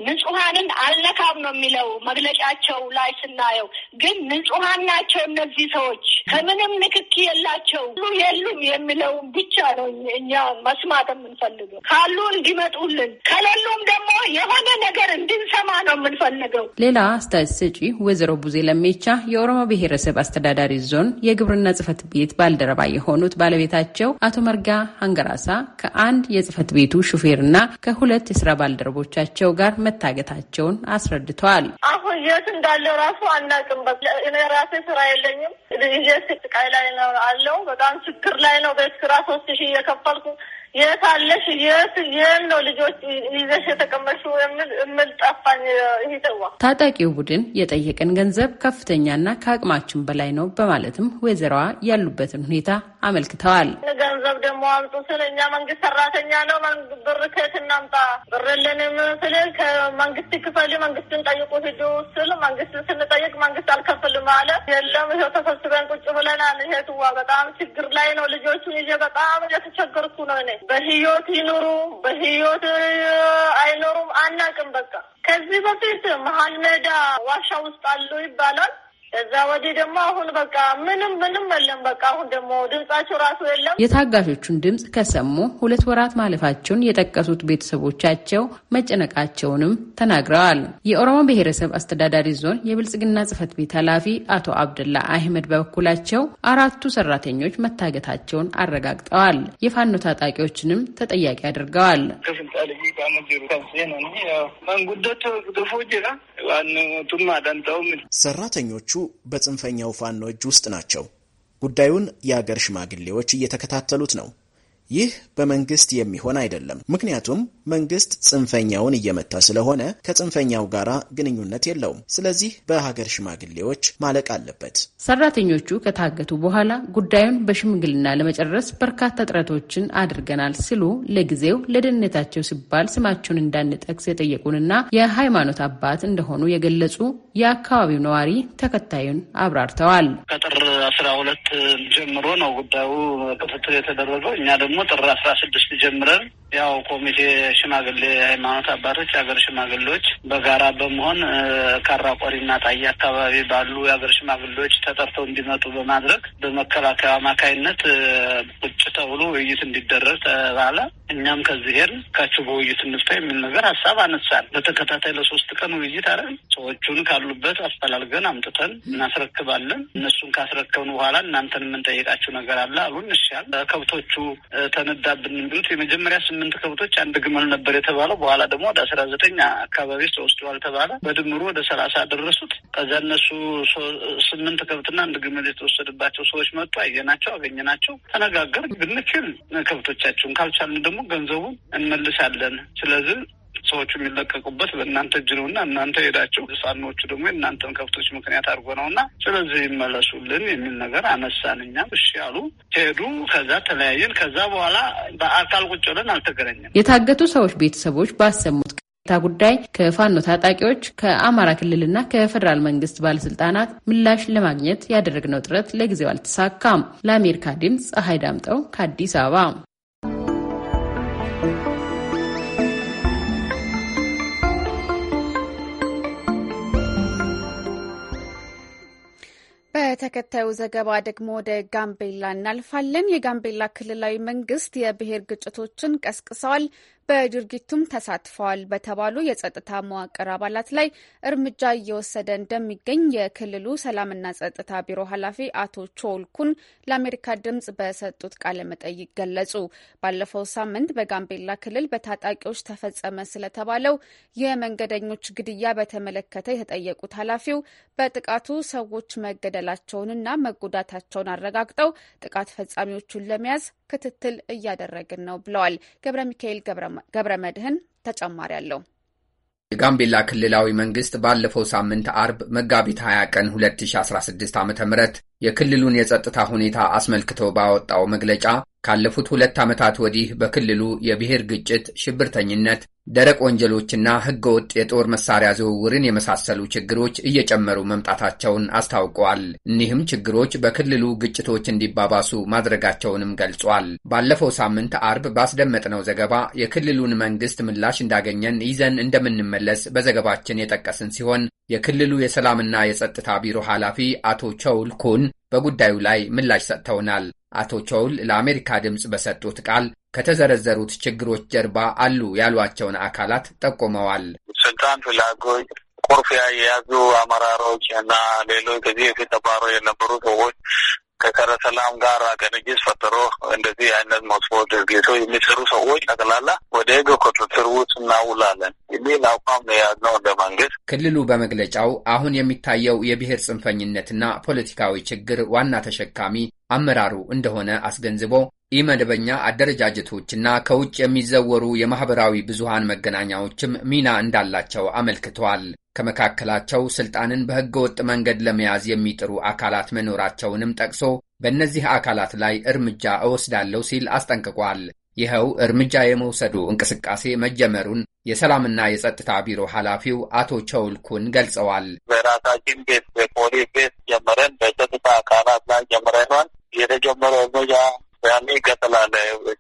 ንጹሐንን አልነካም ነው የሚለው መግለጫቸው ላይ ስናየው፣ ግን ንጹሐን ናቸው እነዚህ ሰዎች ከምንም ንክኪ የላቸው ሁሉ የሉም የሚለውን ብቻ ነው እኛ መስማት የምንፈልገው ካሉን እንዲመጡልን ከሌሉም ደግሞ የሆነ ነገር እንድንሰማ ነው የምንፈልገው። ሌላ አስተያየት ሰጪ ወይዘሮ ቡዜ ለሜቻ የኦሮሞ ብሔረሰብ አስተዳዳሪ ዞን የግብርና ጽህፈት ቤት ባልደረባ የሆኑት ባለቤታቸው አቶ መርጋ አንገራሳ ከአንድ የጽህፈት ቤቱ ሹፌርና ከሁለት የስራ ባልደረቦቻቸው ጋር መታገታቸውን አስረድተዋል። አሁን የት እንዳለው ራሱ አናውቅም። እኔ ራሴ ስራ የለኝም። ልጅ ስቃይ ላይ ነው አለው። በጣም ችግር ላይ ነው። በስራ ሶስት ሺህ እየከፈልኩ የት የት ይህን ነው ልጆች ይዘሽ የተቀመሹ የምል እምል ጠፋኝ። ይተዋ ታጣቂው ቡድን የጠየቀን ገንዘብ ከፍተኛና ከአቅማችን በላይ ነው በማለትም ወይዘሮዋ ያሉበትን ሁኔታ አመልክተዋል። ገንዘብ ደግሞ አምጡ ስል እኛ መንግስት ሰራተኛ ነው ብር ከየት እናምጣ? ብር የለንም ስል ከመንግስት ክፈል መንግስትን ጠይቁ ሂዱ ስል መንግስት ስንጠይቅ መንግስት አልከፍልም አለ። የለም ይኸው ተሰብስበን ቁጭ ብለናል። ይሄትዋ በጣም ችግር ላይ ነው። ልጆቹን ይዤ በጣም እየተቸገርኩ ነው እኔ በህይወት ይኑሩ በህይወት አይኖሩም አናውቅም። በቃ ከዚህ በፊት መሀል ሜዳ ዋሻ ውስጥ አሉ ይባላል እዛ ወዲህ ደግሞ አሁን በቃ ምንም ምንም የለም። በቃ አሁን ደግሞ ድምጻቸው ራሱ የለም። የታጋሾቹን ድምፅ ከሰሙ ሁለት ወራት ማለፋቸውን የጠቀሱት ቤተሰቦቻቸው መጨነቃቸውንም ተናግረዋል። የኦሮሞ ብሔረሰብ አስተዳዳሪ ዞን የብልጽግና ጽህፈት ቤት ኃላፊ አቶ አብደላ አህመድ በበኩላቸው አራቱ ሰራተኞች መታገታቸውን አረጋግጠዋል። የፋኖ ታጣቂዎችንም ተጠያቂ አድርገዋል። ሰራተኞቹ በጽንፈኛው ፋኖ እጅ ውስጥ ናቸው። ጉዳዩን የአገር ሽማግሌዎች እየተከታተሉት ነው። ይህ በመንግስት የሚሆን አይደለም። ምክንያቱም መንግስት ጽንፈኛውን እየመታ ስለሆነ ከጽንፈኛው ጋር ግንኙነት የለውም። ስለዚህ በሀገር ሽማግሌዎች ማለቅ አለበት። ሰራተኞቹ ከታገቱ በኋላ ጉዳዩን በሽምግልና ለመጨረስ በርካታ ጥረቶችን አድርገናል ሲሉ ለጊዜው ለደህንነታቸው ሲባል ስማቸውን እንዳንጠቅስ የጠየቁንና የሃይማኖት አባት እንደሆኑ የገለጹ የአካባቢው ነዋሪ ተከታዩን አብራርተዋል። ከጥር አስራ ሁለት ጀምሮ ነው ጉዳዩ ክትትል የተደረገው እኛ ደግሞ ጥር አስራ ስድስት ጀምረን ያው ኮሚቴ ሽማግሌ ሃይማኖት አባቶች፣ የሀገር ሽማግሌዎች በጋራ በመሆን ካራቆሪና ጣይ አካባቢ ባሉ የሀገር ሽማግሌዎች ተጠርተው እንዲመጡ በማድረግ በመከላከያ አማካይነት ቁጭ ተብሎ ውይይት እንዲደረግ ተባለ። እኛም ከዚህ ሄድ ካችሁ በውይይት እንፍታ የሚል ነገር ሀሳብ አነሳል። በተከታታይ ለሶስት ቀን ውይይት አረን ሰዎቹን ካሉበት አፈላልገን አምጥተን እናስረክባለን። እነሱን ካስረከብን በኋላ እናንተን የምንጠይቃችሁ ነገር አለ አሉን። እሺ ከብቶቹ ተነዳብን የሚሉት የመጀመሪያ ስምንት ከብቶች አንድ ግመል ነበር የተባለው። በኋላ ደግሞ ወደ አስራ ዘጠኝ አካባቢ ተወስደዋል ተባለ። በድምሩ ወደ ሰላሳ ደረሱት። ከዛ እነሱ ስምንት ከብትና አንድ ግመል የተወሰደባቸው ሰዎች መጡ። አየናቸው፣ አገኘናቸው፣ ተነጋገር ብንችል ከብቶቻችሁን ካልቻልን ደግሞ ገንዘቡን እንመልሳለን። ስለዚህ ሰዎቹ የሚለቀቁበት በእናንተ እጅ ነው እና እናንተ ሄዳችሁ ሳኖቹ ደግሞ የእናንተን ከብቶች ምክንያት አድርጎ ነው እና ስለዚህ ይመለሱልን የሚል ነገር አነሳን። እኛም እሺ አሉ፣ ሄዱ። ከዛ ተለያየን። ከዛ በኋላ በአካል ቁጭ ብለን አልተገናኘም። የታገቱ ሰዎች ቤተሰቦች ባሰሙት ታ ጉዳይ ከፋኖ ታጣቂዎች ከአማራ ክልልና ከፌዴራል መንግስት ባለስልጣናት ምላሽ ለማግኘት ያደረግነው ጥረት ለጊዜው አልተሳካም። ለአሜሪካ ድምፅ ፀሐይ ዳምጠው ከአዲስ አበባ በተከታዩ ዘገባ ደግሞ ወደ ጋምቤላ እናልፋለን። የጋምቤላ ክልላዊ መንግስት የብሔር ግጭቶችን ቀስቅሰዋል፣ በድርጊቱም ተሳትፈዋል በተባሉ የጸጥታ መዋቅር አባላት ላይ እርምጃ እየወሰደ እንደሚገኝ የክልሉ ሰላምና ጸጥታ ቢሮ ኃላፊ አቶ ቾልኩን ለአሜሪካ ድምጽ በሰጡት ቃለ መጠይቅ ገለጹ። ባለፈው ሳምንት በጋምቤላ ክልል በታጣቂዎች ተፈጸመ ስለተባለው የመንገደኞች ግድያ በተመለከተ የተጠየቁት ኃላፊው በጥቃቱ ሰዎች መገደላቸውንና መጎዳታቸውን አረጋግጠው ጥቃት ፈጻሚዎቹን ለመያዝ ክትትል እያደረግን ነው ብለዋል። ገብረ ሚካኤል ገብረ መድህን ተጨማሪ አለው። የጋምቤላ ክልላዊ መንግስት ባለፈው ሳምንት አርብ መጋቢት 20 ቀን 2016 ዓ ም የክልሉን የጸጥታ ሁኔታ አስመልክቶ ባወጣው መግለጫ ካለፉት ሁለት ዓመታት ወዲህ በክልሉ የብሔር ግጭት፣ ሽብርተኝነት፣ ደረቅ ወንጀሎችና ሕገወጥ የጦር መሳሪያ ዝውውርን የመሳሰሉ ችግሮች እየጨመሩ መምጣታቸውን አስታውቋል። እኒህም ችግሮች በክልሉ ግጭቶች እንዲባባሱ ማድረጋቸውንም ገልጿል። ባለፈው ሳምንት አርብ ባስደመጥነው ዘገባ የክልሉን መንግስት ምላሽ እንዳገኘን ይዘን እንደምንመለስ በዘገባችን የጠቀስን ሲሆን የክልሉ የሰላምና የጸጥታ ቢሮ ኃላፊ አቶ ቸውል ኩን በጉዳዩ ላይ ምላሽ ሰጥተውናል። አቶ ቾውል ለአሜሪካ ድምፅ በሰጡት ቃል ከተዘረዘሩት ችግሮች ጀርባ አሉ ያሏቸውን አካላት ጠቁመዋል። ስልጣን ፍላጎች፣ ቁርፊያ የያዙ አመራሮች እና ሌሎች ከዚህ የፊት ተባረው የነበሩ ሰዎች ከከረ ሰላም ጋር ቅንጅት ፈጥሮ እንደዚህ አይነት መስፈርት ድርጊቶ የሚሰሩ ሰዎች ጠቅላላ ወደ ሕግ ቁጥጥር ውስጥ እናውላለን የሚል አቋም ነው የያዝነው እንደ መንግስት። ክልሉ በመግለጫው አሁን የሚታየው የብሔር ጽንፈኝነትና ፖለቲካዊ ችግር ዋና ተሸካሚ አመራሩ እንደሆነ አስገንዝቦ ኢመደበኛ አደረጃጀቶችና ከውጭ የሚዘወሩ የማኅበራዊ ብዙሃን መገናኛዎችም ሚና እንዳላቸው አመልክተዋል። ከመካከላቸው ሥልጣንን በሕገወጥ መንገድ ለመያዝ የሚጥሩ አካላት መኖራቸውንም ጠቅሶ በእነዚህ አካላት ላይ እርምጃ እወስዳለሁ ሲል አስጠንቅቋል። ይኸው እርምጃ የመውሰዱ እንቅስቃሴ መጀመሩን የሰላምና የጸጥታ ቢሮ ኃላፊው አቶ ቸውልኩን ገልጸዋል። በራሳችን ቤት በፖሊስ ቤት ጀምረን በጸጥታ አካላት ላይ ጀምረናል። የተጀመረው እርምጃ ያኔ ይቀጥላል።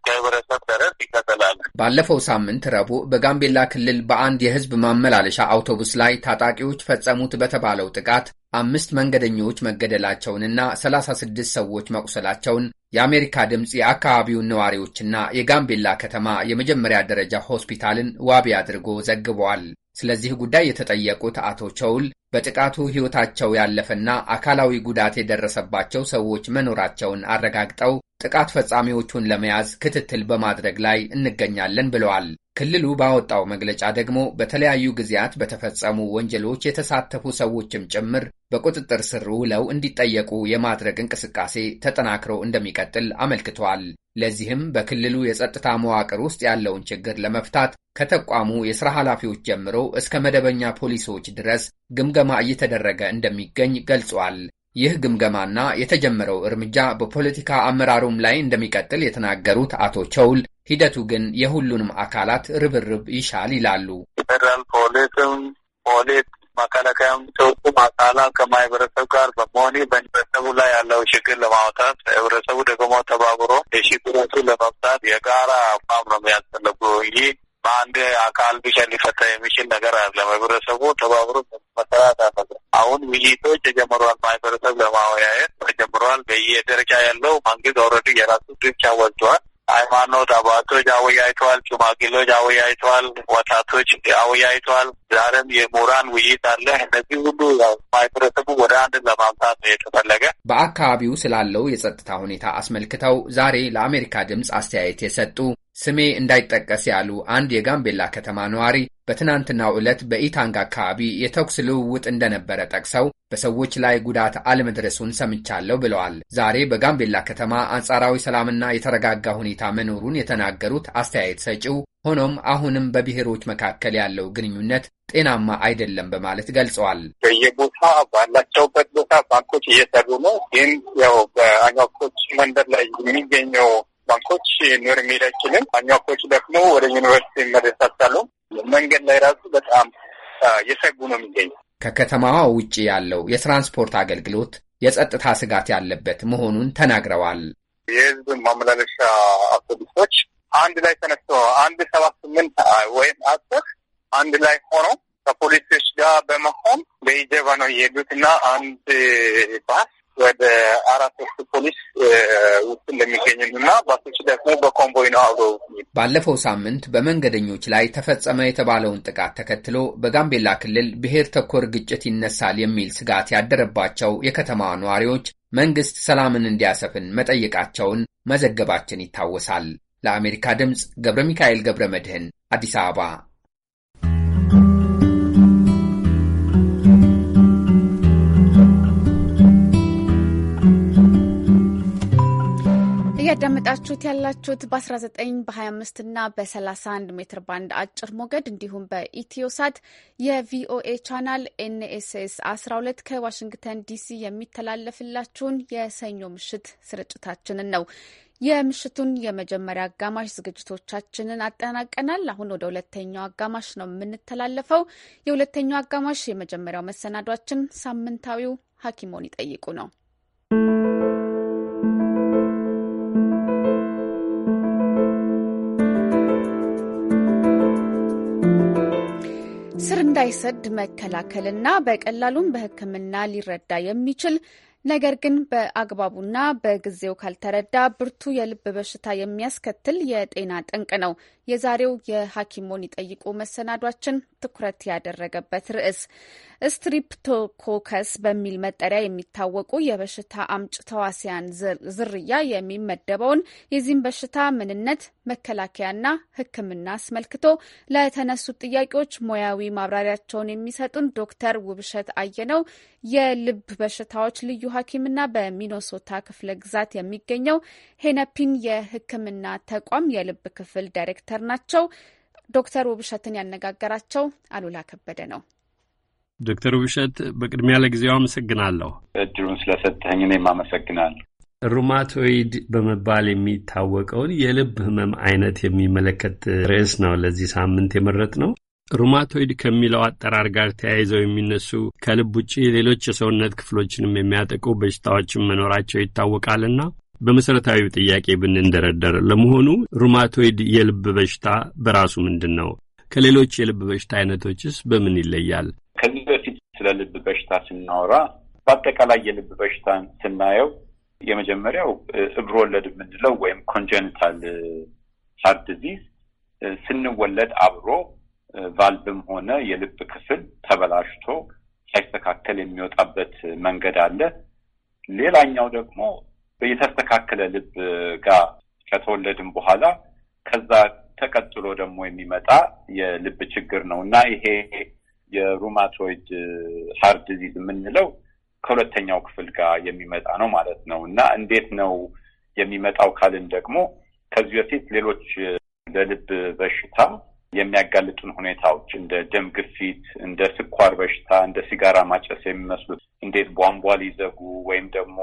ከህብረተሰብ ደረስ ይቀጥላል። ባለፈው ሳምንት ረቡዕ በጋምቤላ ክልል በአንድ የህዝብ ማመላለሻ አውቶቡስ ላይ ታጣቂዎች ፈጸሙት በተባለው ጥቃት አምስት መንገደኞች መገደላቸውንና 36 ሰዎች መቁሰላቸውን የአሜሪካ ድምፅ የአካባቢውን ነዋሪዎችና የጋምቤላ ከተማ የመጀመሪያ ደረጃ ሆስፒታልን ዋቢ አድርጎ ዘግቧል። ስለዚህ ጉዳይ የተጠየቁት አቶ ቸውል በጥቃቱ ሕይወታቸው ያለፈና አካላዊ ጉዳት የደረሰባቸው ሰዎች መኖራቸውን አረጋግጠው ጥቃት ፈጻሚዎቹን ለመያዝ ክትትል በማድረግ ላይ እንገኛለን ብለዋል። ክልሉ ባወጣው መግለጫ ደግሞ በተለያዩ ጊዜያት በተፈጸሙ ወንጀሎች የተሳተፉ ሰዎችም ጭምር በቁጥጥር ስር ውለው እንዲጠየቁ የማድረግ እንቅስቃሴ ተጠናክሮ እንደሚቀጥል አመልክቷል። ለዚህም በክልሉ የጸጥታ መዋቅር ውስጥ ያለውን ችግር ለመፍታት ከተቋሙ የሥራ ኃላፊዎች ጀምሮ እስከ መደበኛ ፖሊሶች ድረስ ግምገማ እየተደረገ እንደሚገኝ ገልጿል። ይህ ግምገማና የተጀመረው እርምጃ በፖለቲካ አመራሩም ላይ እንደሚቀጥል የተናገሩት አቶ ቸውል ሂደቱ ግን የሁሉንም አካላት ርብርብ ይሻል ይላሉ። ፌደራል ፖሊስም ፖሊስ መከላከያም ሰውቁም አካላት ከማህበረሰብ ጋር በመሆኔ በህብረተሰቡ ላይ ያለው ችግር ለማውጣት ህብረተሰቡ ደግሞ ተባብሮ የችግሮቹ ለመፍታት የጋራ አቋም ነው የሚያስፈልጉ እንጂ በአንድ አካል ብቻ ሊፈታ የሚችል ነገር አለ። ማህበረሰቡ ተባብሮ መሰራት አለበት። አሁን ውይይቶች ተጀምረዋል። ማህበረሰብ ለማወያየት ተጀምረዋል። በየደረጃ ያለው መንግስት ኦልሬዲ የራሱ ድርሻ ወስዷል። ሃይማኖት አባቶች አወያይተዋል። ሽማግሌዎች አወያይተዋል። ወጣቶች አወያይተዋል። ዛሬም የምሁራን ውይይት አለ። እነዚህ ሁሉ ማህበረሰቡ ወደ አንድ ለማምጣት ነው የተፈለገ። በአካባቢው ስላለው የጸጥታ ሁኔታ አስመልክተው ዛሬ ለአሜሪካ ድምፅ አስተያየት የሰጡ ስሜ እንዳይጠቀስ ያሉ አንድ የጋምቤላ ከተማ ነዋሪ በትናንትናው ዕለት በኢታንግ አካባቢ የተኩስ ልውውጥ እንደነበረ ጠቅሰው በሰዎች ላይ ጉዳት አለመድረሱን ሰምቻለሁ ብለዋል። ዛሬ በጋምቤላ ከተማ አንጻራዊ ሰላምና የተረጋጋ ሁኔታ መኖሩን የተናገሩት አስተያየት ሰጪው ሆኖም አሁንም በብሔሮች መካከል ያለው ግንኙነት ጤናማ አይደለም በማለት ገልጸዋል። በየቦታ ባላቸውበት ቦታ ባንኮች እየሰሩ ነው። ግን ያው በአኛኮች መንደር ላይ የሚገኘው ባንኮች ኖር የሚሄድ አይችልም። አኛኮች ደግሞ ወደ ዩኒቨርሲቲ መደሳሳሉ መንገድ ላይ ራሱ በጣም የሰጉ ነው የሚገኙ። ከከተማዋ ውጭ ያለው የትራንስፖርት አገልግሎት የጸጥታ ስጋት ያለበት መሆኑን ተናግረዋል። የህዝብ ማመላለሻ አውቶቡሶች አንድ ላይ ተነስቶ አንድ ሰባት ስምንት ወይም አስር አንድ ላይ ሆነው ከፖሊሶች ጋር በመሆን በኢጀባ ነው የሄዱት እና አንድ ባስ ወደ አራት ፖሊስ እንደሚገኝም እና ባሶች ደግሞ በኮንቮይ ነው አብረው። ባለፈው ሳምንት በመንገደኞች ላይ ተፈጸመ የተባለውን ጥቃት ተከትሎ በጋምቤላ ክልል ብሔር ተኮር ግጭት ይነሳል የሚል ስጋት ያደረባቸው የከተማ ነዋሪዎች መንግስት ሰላምን እንዲያሰፍን መጠየቃቸውን መዘገባችን ይታወሳል። ለአሜሪካ ድምፅ ገብረ ሚካኤል ገብረ መድህን አዲስ አበባ እያዳመጣችሁት ያላችሁት በ19 በ25 እና በ31 ሜትር ባንድ አጭር ሞገድ እንዲሁም በኢትዮሳት የቪኦኤ ቻናል ኤንኤስኤስ 12 ከዋሽንግተን ዲሲ የሚተላለፍላችሁን የሰኞ ምሽት ስርጭታችንን ነው። የምሽቱን የመጀመሪያ አጋማሽ ዝግጅቶቻችንን አጠናቀናል። አሁን ወደ ሁለተኛው አጋማሽ ነው የምንተላለፈው። የሁለተኛው አጋማሽ የመጀመሪያው መሰናዷችን ሳምንታዊው ሐኪሞን ይጠይቁ ነው። ስር እንዳይሰድ መከላከልና በቀላሉም በሕክምና ሊረዳ የሚችል ነገር ግን በአግባቡና በጊዜው ካልተረዳ ብርቱ የልብ በሽታ የሚያስከትል የጤና ጠንቅ ነው። የዛሬው የሐኪሞን ይጠይቁ መሰናዷችን ትኩረት ያደረገበት ርዕስ ስትሪፕቶኮከስ በሚል መጠሪያ የሚታወቁ የበሽታ አምጭ ተዋሲያን ዝርያ የሚመደበውን የዚህም በሽታ ምንነት፣ መከላከያና ሕክምና አስመልክቶ ለተነሱ ጥያቄዎች ሙያዊ ማብራሪያቸውን የሚሰጡን ዶክተር ውብሸት አየነው የልብ በሽታዎች ልዩ ሐኪምና በሚኖሶታ ክፍለ ግዛት የሚገኘው ሄነፒን የሕክምና ተቋም የልብ ክፍል ዳይሬክተር ናቸው። ዶክተር ውብሸትን ያነጋገራቸው አሉላ ከበደ ነው። ዶክተር ውብሸት በቅድሚያ ለጊዜው አመሰግናለሁ። እድሉን ስለሰጠኝ እኔም አመሰግናለሁ። ሩማቶይድ በመባል የሚታወቀውን የልብ ህመም አይነት የሚመለከት ርዕስ ነው ለዚህ ሳምንት የመረጥ ነው። ሩማቶይድ ከሚለው አጠራር ጋር ተያይዘው የሚነሱ ከልብ ውጭ ሌሎች የሰውነት ክፍሎችንም የሚያጠቁ በሽታዎችን መኖራቸው ይታወቃልና በመሠረታዊ ጥያቄ ብንንደረደር ለመሆኑ ሩማቶይድ የልብ በሽታ በራሱ ምንድን ነው? ከሌሎች የልብ በሽታ አይነቶችስ በምን ይለያል? ከዚህ በፊት ስለ ልብ በሽታ ስናወራ በአጠቃላይ የልብ በሽታን ስናየው የመጀመሪያው እብሮ ወለድ የምንለው ወይም ኮንጀኒታል ሃርት ዲዚዝ ስንወለድ አብሮ ቫልቭም ሆነ የልብ ክፍል ተበላሽቶ ሳይስተካከል የሚወጣበት መንገድ አለ። ሌላኛው ደግሞ የተስተካከለ ልብ ጋር ከተወለድን በኋላ ከዛ ተቀጥሎ ደግሞ የሚመጣ የልብ ችግር ነው እና ይሄ የሩማቶይድ ሃርት ዲዚዝ የምንለው ከሁለተኛው ክፍል ጋር የሚመጣ ነው ማለት ነው እና እንዴት ነው የሚመጣው ካልን ደግሞ ከዚህ በፊት ሌሎች ለልብ በሽታ የሚያጋልጡን ሁኔታዎች እንደ ደም ግፊት፣ እንደ ስኳር በሽታ፣ እንደ ሲጋራ ማጨስ የሚመስሉት እንዴት ቧንቧ ሊዘጉ ወይም ደግሞ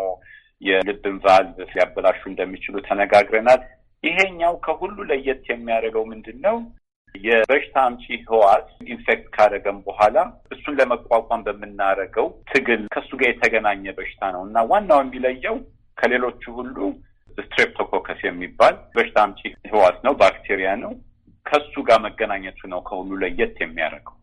የልብን ቫልቭ ሊያበላሹ እንደሚችሉ ተነጋግረናል። ይሄኛው ከሁሉ ለየት የሚያደርገው ምንድን ነው? የበሽታ አምጪ ህዋስ ኢንፌክት ካደረገን በኋላ እሱን ለመቋቋም በምናደርገው ትግል ከሱ ጋር የተገናኘ በሽታ ነው እና ዋናው የሚለየው ከሌሎቹ ሁሉ ስትሬፕቶኮከስ የሚባል በሽታ አምጪ ህዋስ ነው፣ ባክቴሪያ ነው። ከሱ ጋር መገናኘቱ ነው ከሁሉ ለየት የሚያደርገው።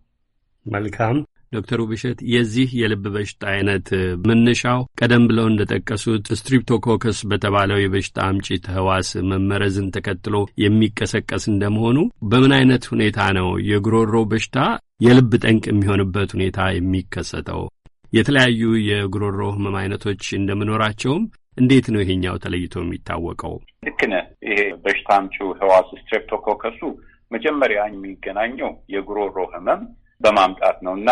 መልካም ዶክተር ውብሸት የዚህ የልብ በሽታ አይነት መነሻው ቀደም ብለው እንደጠቀሱት ስትሪፕቶኮከስ በተባለው የበሽታ አምጪ ተህዋስ መመረዝን ተከትሎ የሚቀሰቀስ እንደመሆኑ በምን አይነት ሁኔታ ነው የጉሮሮ በሽታ የልብ ጠንቅ የሚሆንበት ሁኔታ የሚከሰተው? የተለያዩ የጉሮሮ ህመም አይነቶች እንደመኖራቸውም እንዴት ነው ይሄኛው ተለይቶ የሚታወቀው? ልክ ነህ። ይሄ በሽታ አምጪው ህዋስ ስትሬፕቶኮከሱ መጀመሪያ የሚገናኘው የጉሮሮ ህመም በማምጣት ነው እና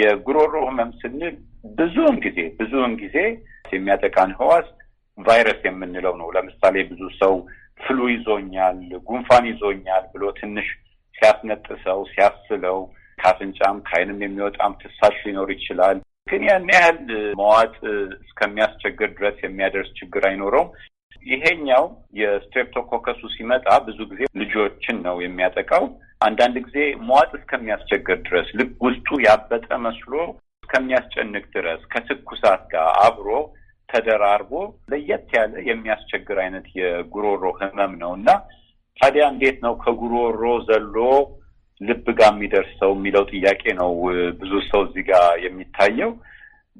የጉሮሮ ህመም ስንል ብዙውን ጊዜ ብዙውን ጊዜ የሚያጠቃን ህዋስ ቫይረስ የምንለው ነው። ለምሳሌ ብዙ ሰው ፍሉ ይዞኛል፣ ጉንፋን ይዞኛል ብሎ ትንሽ ሲያስነጥሰው ሲያስለው ካፍንጫም ከአይንም የሚወጣም ትሳሽ ሊኖር ይችላል። ግን ያን ያህል መዋጥ እስከሚያስቸግር ድረስ የሚያደርስ ችግር አይኖረውም። ይሄኛው የስትሬፕቶኮከሱ ሲመጣ ብዙ ጊዜ ልጆችን ነው የሚያጠቃው። አንዳንድ ጊዜ መዋጥ እስከሚያስቸግር ድረስ ልብ ውስጡ ያበጠ መስሎ እስከሚያስጨንቅ ድረስ ከትኩሳት ጋር አብሮ ተደራርቦ ለየት ያለ የሚያስቸግር አይነት የጉሮሮ ህመም ነው እና ታዲያ እንዴት ነው ከጉሮሮ ዘሎ ልብ ጋር የሚደርሰው የሚለው ጥያቄ ነው ብዙ ሰው እዚህ ጋር የሚታየው።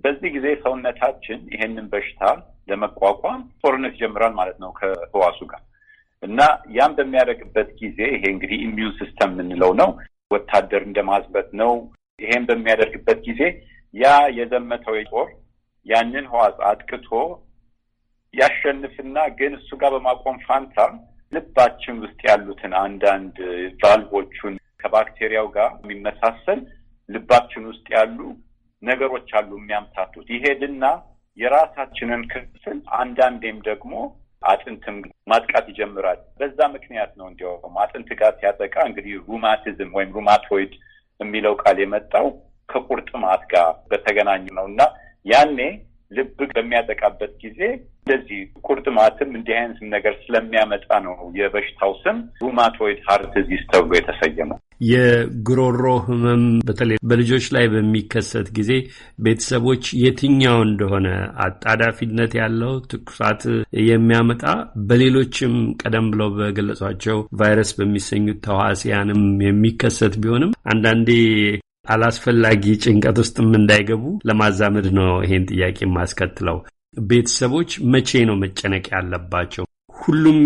በዚህ ጊዜ ሰውነታችን ይሄንን በሽታ ለመቋቋም ጦርነት ይጀምራል ማለት ነው ከህዋሱ ጋር እና ያም በሚያደርግበት ጊዜ ይሄ እንግዲህ ኢሚዩን ሲስተም የምንለው ነው። ወታደር እንደማዝበት ነው። ይሄን በሚያደርግበት ጊዜ ያ የዘመተው ጦር ያንን ህዋስ አጥቅቶ ያሸንፍና ግን እሱ ጋር በማቆም ፋንታ ልባችን ውስጥ ያሉትን አንዳንድ ቫልቮቹን ከባክቴሪያው ጋር የሚመሳሰል ልባችን ውስጥ ያሉ ነገሮች አሉ የሚያምታቱት። ይሄድና የራሳችንን ክፍል አንዳንዴም ደግሞ አጥንትም ማጥቃት ይጀምራል። በዛ ምክንያት ነው እንዲያውም አጥንት ጋር ሲያጠቃ እንግዲህ ሩማቲዝም ወይም ሩማቶይድ የሚለው ቃል የመጣው ከቁርጥማት ጋር በተገናኝ ነው እና ያኔ ልብ በሚያጠቃበት ጊዜ እንደዚህ ቁርጥማትም እንዲህ አይነት ነገር ስለሚያመጣ ነው የበሽታው ስም ሩማቶይድ ሃርት ዲዚዝ ተብሎ የተሰየመው። የጉሮሮ ህመም በተለይ በልጆች ላይ በሚከሰት ጊዜ ቤተሰቦች የትኛው እንደሆነ አጣዳፊነት ያለው ትኩሳት የሚያመጣ በሌሎችም ቀደም ብለው በገለጿቸው ቫይረስ በሚሰኙት ተዋሲያንም የሚከሰት ቢሆንም አንዳንዴ አላስፈላጊ ጭንቀት ውስጥም እንዳይገቡ ለማዛመድ ነው ይሄን ጥያቄ የማስከትለው። ቤተሰቦች መቼ ነው መጨነቅ ያለባቸው? ሁሉም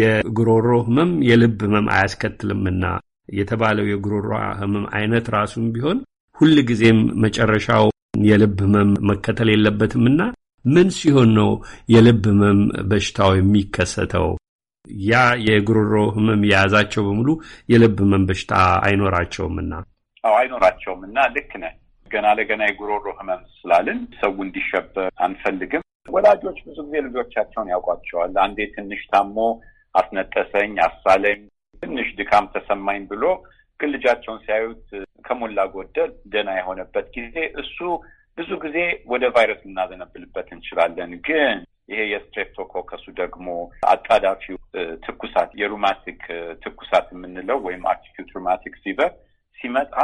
የጉሮሮ ህመም የልብ ህመም አያስከትልምና የተባለው የጉሮሮ ህመም አይነት ራሱም ቢሆን ሁል ጊዜም መጨረሻው የልብ ህመም መከተል የለበትምና ምን ሲሆን ነው የልብ ህመም በሽታው የሚከሰተው? ያ የጉሮሮ ህመም የያዛቸው በሙሉ የልብ ህመም በሽታ አይኖራቸውምና ጨው አይኖራቸውም እና ልክ ነህ። ገና ለገና የጉሮሮ ህመም ስላልን ሰው እንዲሸበር አንፈልግም። ወላጆች ብዙ ጊዜ ልጆቻቸውን ያውቋቸዋል። አንዴ ትንሽ ታሞ አስነጠሰኝ፣ አሳለኝ፣ ትንሽ ድካም ተሰማኝ ብሎ ግን ልጃቸውን ሲያዩት ከሞላ ጎደል ደህና የሆነበት ጊዜ እሱ ብዙ ጊዜ ወደ ቫይረስ ልናዘነብልበት እንችላለን። ግን ይሄ የስትሬፕቶኮከሱ ደግሞ አጣዳፊው ትኩሳት የሩማቲክ ትኩሳት የምንለው ወይም አክዩት ሩማቲክ ሲበር ሲመጣ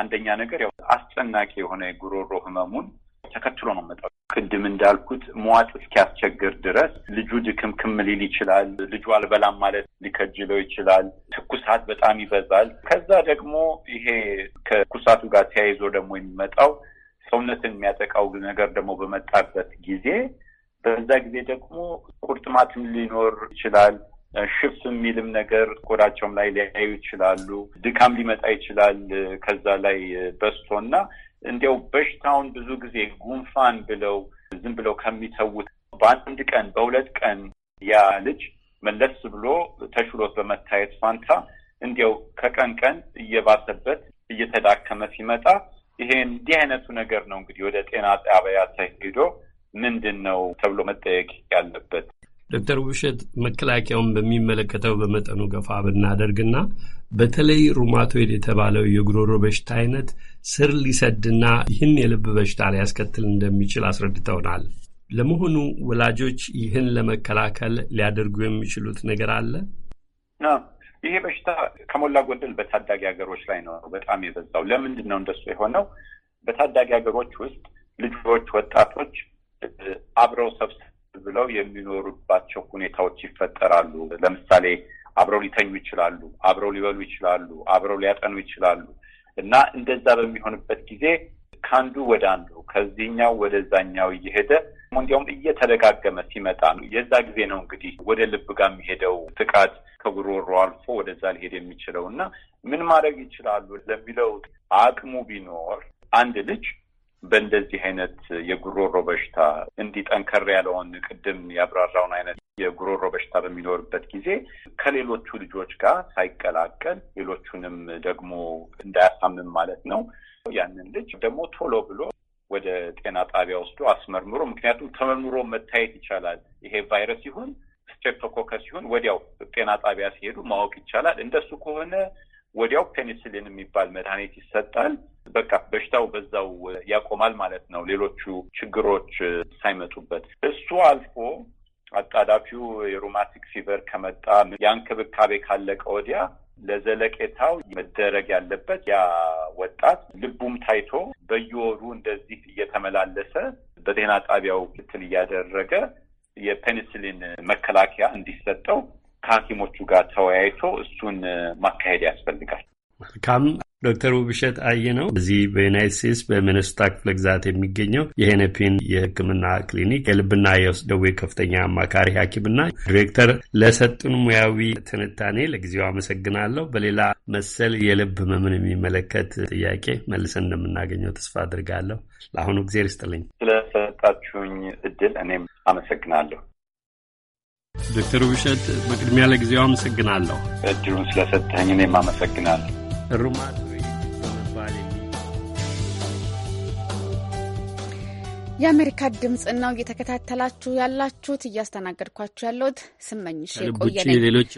አንደኛ ነገር ያው አስጨናቂ የሆነ የጉሮሮ ህመሙን ተከትሎ ነው መጣው። ቅድም እንዳልኩት መዋጥ እስኪያስቸግር ድረስ ልጁ ድክምክም ሊል ይችላል። ልጁ አልበላም ማለት ሊከጅለው ይችላል። ትኩሳት በጣም ይበዛል። ከዛ ደግሞ ይሄ ከትኩሳቱ ጋር ተያይዞ ደግሞ የሚመጣው ሰውነትን የሚያጠቃው ነገር ደግሞ በመጣበት ጊዜ በዛ ጊዜ ደግሞ ቁርጥማትም ሊኖር ይችላል። ሽፍ የሚልም ነገር ቆዳቸውም ላይ ሊያዩ ይችላሉ። ድካም ሊመጣ ይችላል። ከዛ ላይ በስቶ እና እንዲያው በሽታውን ብዙ ጊዜ ጉንፋን ብለው ዝም ብለው ከሚተዉት በአንድ ቀን በሁለት ቀን ያ ልጅ መለስ ብሎ ተሽሎት በመታየት ፋንታ እንዲያው ከቀን ቀን እየባሰበት እየተዳከመ ሲመጣ ይሄ እንዲህ አይነቱ ነገር ነው እንግዲህ ወደ ጤና ጣቢያ ተሄዶ ምንድን ነው ተብሎ መጠየቅ ያለበት። ዶክተር ውብሸት መከላከያውን በሚመለከተው በመጠኑ ገፋ ብናደርግና በተለይ ሩማቶይድ የተባለው የጉሮሮ በሽታ አይነት ስር ሊሰድና ይህን የልብ በሽታ ሊያስከትል እንደሚችል አስረድተውናል። ለመሆኑ ወላጆች ይህን ለመከላከል ሊያደርጉ የሚችሉት ነገር አለ? ይሄ በሽታ ከሞላ ጎደል በታዳጊ ሀገሮች ላይ ነው በጣም የበዛው። ለምንድን ነው እንደሱ የሆነው? በታዳጊ ሀገሮች ውስጥ ልጆች፣ ወጣቶች አብረው ሰብስ ብለው የሚኖሩባቸው ሁኔታዎች ይፈጠራሉ። ለምሳሌ አብረው ሊተኙ ይችላሉ፣ አብረው ሊበሉ ይችላሉ፣ አብረው ሊያጠኑ ይችላሉ እና እንደዛ በሚሆንበት ጊዜ ከአንዱ ወደ አንዱ ከዚህኛው ወደዛኛው እየሄደ እንዲያውም እየተደጋገመ ሲመጣ የዛ ጊዜ ነው እንግዲህ ወደ ልብ ጋር የሚሄደው ጥቃት ከጉሮሮ አልፎ ወደዛ ሊሄድ የሚችለው እና ምን ማድረግ ይችላሉ ለሚለው አቅሙ ቢኖር አንድ ልጅ በእንደዚህ አይነት የጉሮሮ በሽታ እንዲጠንከር ያለውን ቅድም ያብራራውን አይነት የጉሮሮ በሽታ በሚኖርበት ጊዜ ከሌሎቹ ልጆች ጋር ሳይቀላቀል ሌሎቹንም ደግሞ እንዳያሳምም ማለት ነው። ያንን ልጅ ደግሞ ቶሎ ብሎ ወደ ጤና ጣቢያ ወስዶ አስመርምሮ፣ ምክንያቱም ተመርምሮ መታየት ይቻላል። ይሄ ቫይረስ ይሁን ስትሬፕቶኮከስ ሲሆን ወዲያው ጤና ጣቢያ ሲሄዱ ማወቅ ይቻላል። እንደሱ ከሆነ ወዲያው ፔኒስሊን የሚባል መድኃኒት ይሰጣል። በቃ በሽታው በዛው ያቆማል ማለት ነው። ሌሎቹ ችግሮች ሳይመጡበት እሱ አልፎ አጣዳፊው የሮማቲክ ፊቨር ከመጣ የእንክብካቤ ካለቀ ወዲያ ለዘለቄታው መደረግ ያለበት ያ ወጣት ልቡም ታይቶ በየወሩ እንደዚህ እየተመላለሰ በጤና ጣቢያው ክትል እያደረገ የፔኒሲሊን መከላከያ እንዲሰጠው ከሐኪሞቹ ጋር ተወያይቶ እሱን ማካሄድ ያስፈልጋል። መልካም ዶክተር ውብሸት አየነው እዚህ በዩናይት ስቴትስ በሚነሶታ ክፍለ ግዛት የሚገኘው የሄነፒን የሕክምና ክሊኒክ የልብና የውስጥ ደዌ ከፍተኛ አማካሪ ሐኪምና ዲሬክተር ለሰጡን ሙያዊ ትንታኔ ለጊዜው አመሰግናለሁ። በሌላ መሰል የልብ ህመምን የሚመለከት ጥያቄ መልሰን እንደምናገኘው ተስፋ አድርጋለሁ። ለአሁኑ ጊዜ ርስጥልኝ ስለሰጣችሁኝ እድል እኔም አመሰግናለሁ። ዶክተር ውብሸት በቅድሚያ ለጊዜው አመሰግናለሁ። እድሉን ስለሰጠኝ እኔም አመሰግናለሁ። ሩማን የአሜሪካ ድምጽ ነው እየተከታተላችሁ ያላችሁት። እያስተናገድኳችሁ ያለሁት ስመኝሽ የቆየ ነኝ።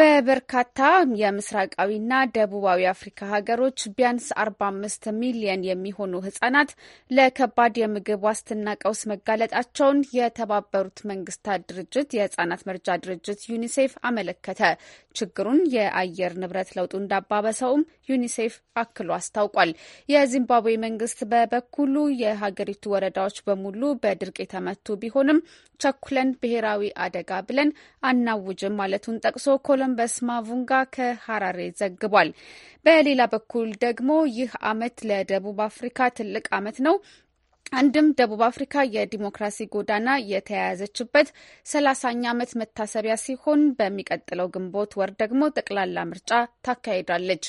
በበርካታ የምስራቃዊና ደቡባዊ አፍሪካ ሀገሮች ቢያንስ 45 ሚሊየን የሚሆኑ ህጻናት ለከባድ የምግብ ዋስትና ቀውስ መጋለጣቸውን የተባበሩት መንግስታት ድርጅት የህጻናት መርጃ ድርጅት ዩኒሴፍ አመለከተ። ችግሩን የአየር ንብረት ለውጡ እንዳባበሰውም ዩኒሴፍ አክሎ አስታውቋል። የዚምባብዌ መንግስት በበኩሉ የሀገሪቱ ወረዳዎች በሙሉ በድርቅ የተመቱ ቢሆንም ቸኩለን ብሔራዊ አደጋ ብለን አናውጅም ማለቱን ጠቅሶ ኮሎምበስ ማቡንጋ ከሀራሬ ዘግቧል። በሌላ በኩል ደግሞ ይህ ዓመት ለደቡብ አፍሪካ ትልቅ ዓመት ነው። አንድም ደቡብ አፍሪካ የዲሞክራሲ ጎዳና የተያያዘችበት ሰላሳኛ ዓመት መታሰቢያ ሲሆን በሚቀጥለው ግንቦት ወር ደግሞ ጠቅላላ ምርጫ ታካሂዳለች።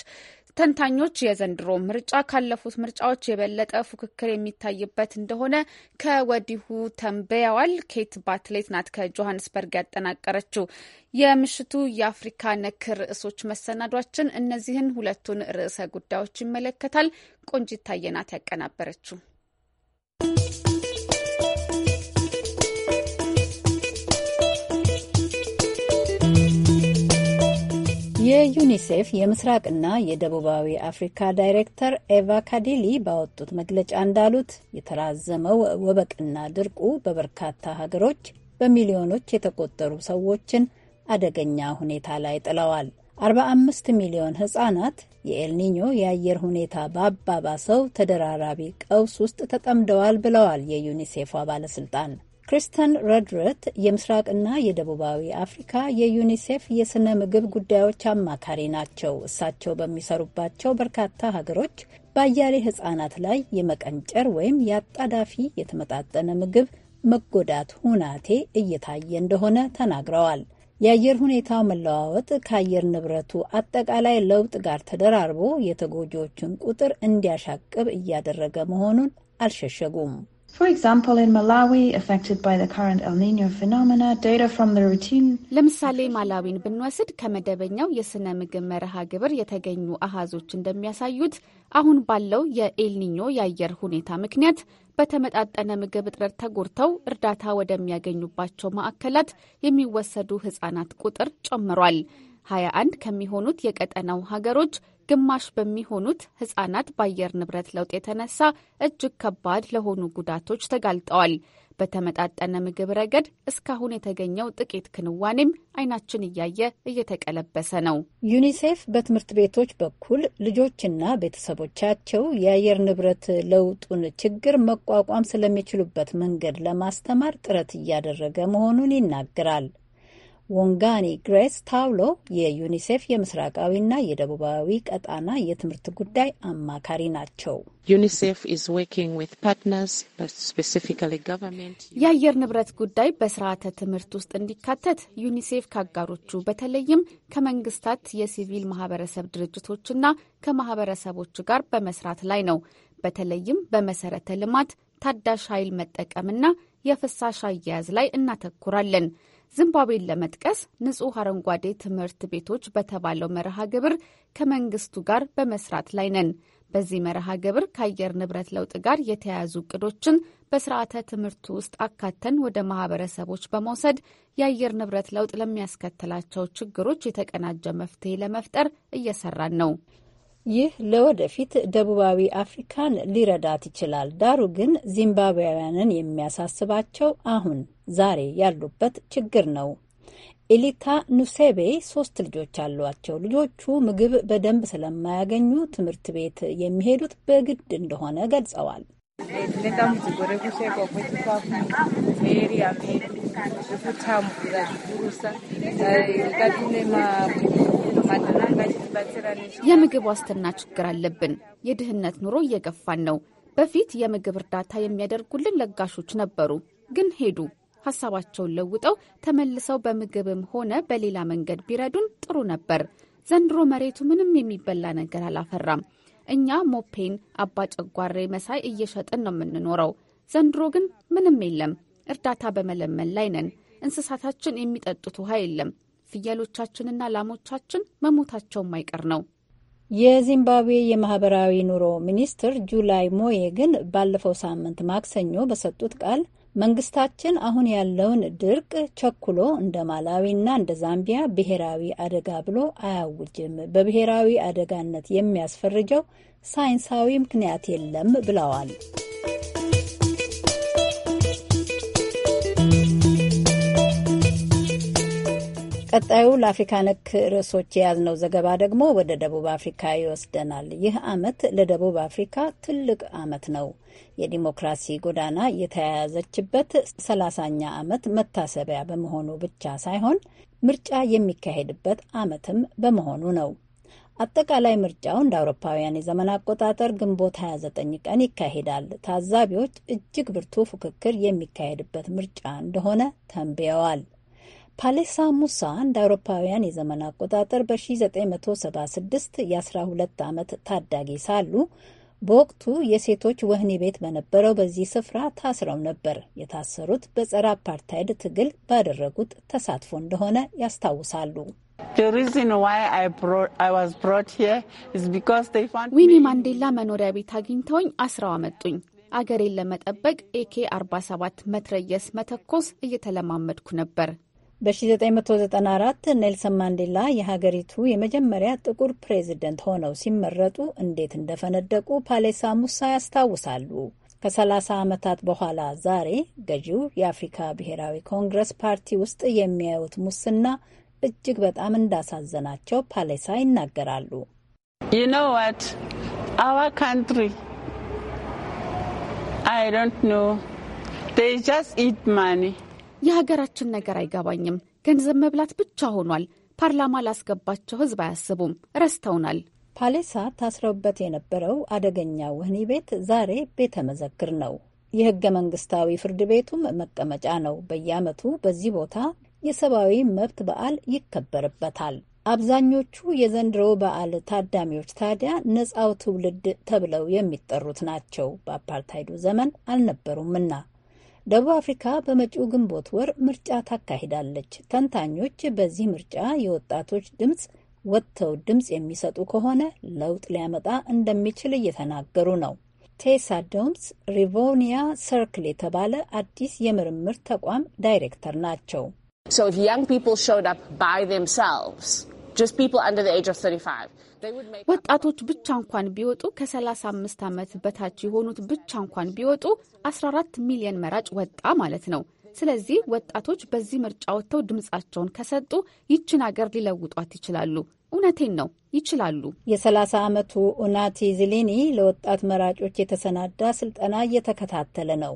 ተንታኞች የዘንድሮ ምርጫ ካለፉት ምርጫዎች የበለጠ ፉክክር የሚታይበት እንደሆነ ከወዲሁ ተንበያዋል። ኬት ባትሌት ናት ከጆሀንስበርግ ያጠናቀረችው። የምሽቱ የአፍሪካ ነክ ርዕሶች መሰናዷችን እነዚህን ሁለቱን ርዕሰ ጉዳዮች ይመለከታል። ቆንጂት ታየናት ያቀናበረችው የዩኒሴፍ የምስራቅና የደቡባዊ አፍሪካ ዳይሬክተር ኤቫ ካዲሊ ባወጡት መግለጫ እንዳሉት የተራዘመው ወበቅና ድርቁ በበርካታ ሀገሮች በሚሊዮኖች የተቆጠሩ ሰዎችን አደገኛ ሁኔታ ላይ ጥለዋል። 45 ሚሊዮን ህጻናት የኤልኒኞ የአየር ሁኔታ ባባባሰው ተደራራቢ ቀውስ ውስጥ ተጠምደዋል ብለዋል የዩኒሴፏ ባለስልጣን። ክሪስተን ረድረት የምስራቅና የደቡባዊ አፍሪካ የዩኒሴፍ የስነ ምግብ ጉዳዮች አማካሪ ናቸው። እሳቸው በሚሰሩባቸው በርካታ ሀገሮች በአያሌ ሕጻናት ላይ የመቀንጨር ወይም የአጣዳፊ የተመጣጠነ ምግብ መጎዳት ሁናቴ እየታየ እንደሆነ ተናግረዋል። የአየር ሁኔታው መለዋወጥ ከአየር ንብረቱ አጠቃላይ ለውጥ ጋር ተደራርቦ የተጎጂዎችን ቁጥር እንዲያሻቅብ እያደረገ መሆኑን አልሸሸጉም። ለምሳሌ ማላዊን ብንወስድ ከመደበኛው የሥነ ምግብ መርሃ ግብር የተገኙ አሃዞች እንደሚያሳዩት አሁን ባለው የኤልኒኞ የአየር ሁኔታ ምክንያት በተመጣጠነ ምግብ እጥረት ተጎድተው እርዳታ ወደሚያገኙባቸው ማዕከላት የሚወሰዱ ህጻናት ቁጥር ጨምሯል። 21 ከሚሆኑት የቀጠናው ሀገሮች ግማሽ በሚሆኑት ህጻናት በአየር ንብረት ለውጥ የተነሳ እጅግ ከባድ ለሆኑ ጉዳቶች ተጋልጠዋል። በተመጣጠነ ምግብ ረገድ እስካሁን የተገኘው ጥቂት ክንዋኔም አይናችን እያየ እየተቀለበሰ ነው። ዩኒሴፍ በትምህርት ቤቶች በኩል ልጆችና ቤተሰቦቻቸው የአየር ንብረት ለውጡን ችግር መቋቋም ስለሚችሉበት መንገድ ለማስተማር ጥረት እያደረገ መሆኑን ይናገራል። ወንጋኒ ግሬስ ታውሎ የዩኒሴፍ የምስራቃዊና የደቡባዊ ቀጣና የትምህርት ጉዳይ አማካሪ ናቸው። የአየር ንብረት ጉዳይ በስርዓተ ትምህርት ውስጥ እንዲካተት ዩኒሴፍ ከአጋሮቹ በተለይም ከመንግስታት የሲቪል ማህበረሰብ ድርጅቶችና ከማህበረሰቦች ጋር በመስራት ላይ ነው። በተለይም በመሰረተ ልማት ታዳሽ ኃይል መጠቀምና የፍሳሽ አያያዝ ላይ እናተኩራለን። ዝምባብዌን ለመጥቀስ ንጹህ አረንጓዴ ትምህርት ቤቶች በተባለው መርሃ ግብር ከመንግስቱ ጋር በመስራት ላይ ነን። በዚህ መርሃ ግብር ከአየር ንብረት ለውጥ ጋር የተያያዙ እቅዶችን በስርዓተ ትምህርቱ ውስጥ አካተን ወደ ማህበረሰቦች በመውሰድ የአየር ንብረት ለውጥ ለሚያስከትላቸው ችግሮች የተቀናጀ መፍትሄ ለመፍጠር እየሰራን ነው። ይህ ለወደፊት ደቡባዊ አፍሪካን ሊረዳት ይችላል። ዳሩ ግን ዚምባብያውያንን የሚያሳስባቸው አሁን ዛሬ ያሉበት ችግር ነው። ኤሊካ ኑሴቤ ሶስት ልጆች አሏቸው። ልጆቹ ምግብ በደንብ ስለማያገኙ ትምህርት ቤት የሚሄዱት በግድ እንደሆነ ገልጸዋል። የምግብ ዋስትና ችግር አለብን። የድህነት ኑሮ እየገፋን ነው። በፊት የምግብ እርዳታ የሚያደርጉልን ለጋሾች ነበሩ፣ ግን ሄዱ። ሀሳባቸውን ለውጠው ተመልሰው በምግብም ሆነ በሌላ መንገድ ቢረዱን ጥሩ ነበር። ዘንድሮ መሬቱ ምንም የሚበላ ነገር አላፈራም። እኛ ሞፔን፣ አባ ጨጓሬ መሳይ እየሸጥን ነው የምንኖረው። ዘንድሮ ግን ምንም የለም። እርዳታ በመለመን ላይ ነን። እንስሳታችን የሚጠጡት ውሃ የለም። ፍየሎቻችንና ላሞቻችን መሞታቸው አይቀር ነው። የዚምባብዌ የማህበራዊ ኑሮ ሚኒስትር ጁላይ ሞዬ ግን ባለፈው ሳምንት ማክሰኞ በሰጡት ቃል መንግስታችን አሁን ያለውን ድርቅ ቸኩሎ እንደ ማላዊና እንደ ዛምቢያ ብሔራዊ አደጋ ብሎ አያውጅም። በብሔራዊ አደጋነት የሚያስፈርጀው ሳይንሳዊ ምክንያት የለም ብለዋል። በቀጣዩ ለአፍሪካ ነክ ርዕሶች የያዝነው ዘገባ ደግሞ ወደ ደቡብ አፍሪካ ይወስደናል። ይህ ዓመት ለደቡብ አፍሪካ ትልቅ ዓመት ነው። የዲሞክራሲ ጎዳና የተያያዘችበት ሰላሳኛ ዓመት መታሰቢያ በመሆኑ ብቻ ሳይሆን ምርጫ የሚካሄድበት ዓመትም በመሆኑ ነው። አጠቃላይ ምርጫው እንደ አውሮፓውያን የዘመን አቆጣጠር ግንቦት 29 ቀን ይካሄዳል። ታዛቢዎች እጅግ ብርቱ ፉክክር የሚካሄድበት ምርጫ እንደሆነ ተንብየዋል። ፓሌሳ ሙሳ እንደ አውሮፓውያን የዘመን አቆጣጠር በ1976 የ12 ዓመት ታዳጊ ሳሉ በወቅቱ የሴቶች ወህኒ ቤት በነበረው በዚህ ስፍራ ታስረው ነበር። የታሰሩት በጸረ አፓርታይድ ትግል ባደረጉት ተሳትፎ እንደሆነ ያስታውሳሉ። ዊኒ ማንዴላ መኖሪያ ቤት አግኝተውኝ አስረው አመጡኝ። አገሬን ለመጠበቅ ኤኬ 47 መትረየስ መተኮስ እየተለማመድኩ ነበር። በ1994 ኔልሰን ማንዴላ የሀገሪቱ የመጀመሪያ ጥቁር ፕሬዝደንት ሆነው ሲመረጡ እንዴት እንደፈነደቁ ፓሌሳ ሙሳ ያስታውሳሉ። ከ30 ዓመታት በኋላ ዛሬ ገዢው የአፍሪካ ብሔራዊ ኮንግረስ ፓርቲ ውስጥ የሚያዩት ሙስና እጅግ በጣም እንዳሳዘናቸው ፓሌሳ ይናገራሉ። ዩ የሀገራችን ነገር አይገባኝም። ገንዘብ መብላት ብቻ ሆኗል። ፓርላማ ላስገባቸው ህዝብ አያስቡም። ረስተውናል። ፓሌሳ ታስረውበት የነበረው አደገኛ ወህኒ ቤት ዛሬ ቤተ መዘክር ነው። የህገ መንግስታዊ ፍርድ ቤቱም መቀመጫ ነው። በየዓመቱ በዚህ ቦታ የሰብአዊ መብት በዓል ይከበርበታል። አብዛኞቹ የዘንድሮ በዓል ታዳሚዎች ታዲያ ነፃው ትውልድ ተብለው የሚጠሩት ናቸው። በአፓርታይዱ ዘመን አልነበሩምና ደቡብ አፍሪካ በመጪው ግንቦት ወር ምርጫ ታካሂዳለች። ተንታኞች በዚህ ምርጫ የወጣቶች ድምፅ ወጥተው ድምፅ የሚሰጡ ከሆነ ለውጥ ሊያመጣ እንደሚችል እየተናገሩ ነው። ቴሳ ዶምስ ሪቮኒያ ሰርክል የተባለ አዲስ የምርምር ተቋም ዳይሬክተር ናቸው። ወጣቶች ብቻ እንኳን ቢወጡ ከ35 ዓመት በታች የሆኑት ብቻ እንኳን ቢወጡ 14 ሚሊዮን መራጭ ወጣ ማለት ነው። ስለዚህ ወጣቶች በዚህ ምርጫ ወጥተው ድምጻቸውን ከሰጡ ይችን አገር ሊለውጧት ይችላሉ። እውነቴን ነው፣ ይችላሉ። የ30 ዓመቱ ኡናቲ ዝሊኒ ለወጣት መራጮች የተሰናዳ ስልጠና እየተከታተለ ነው።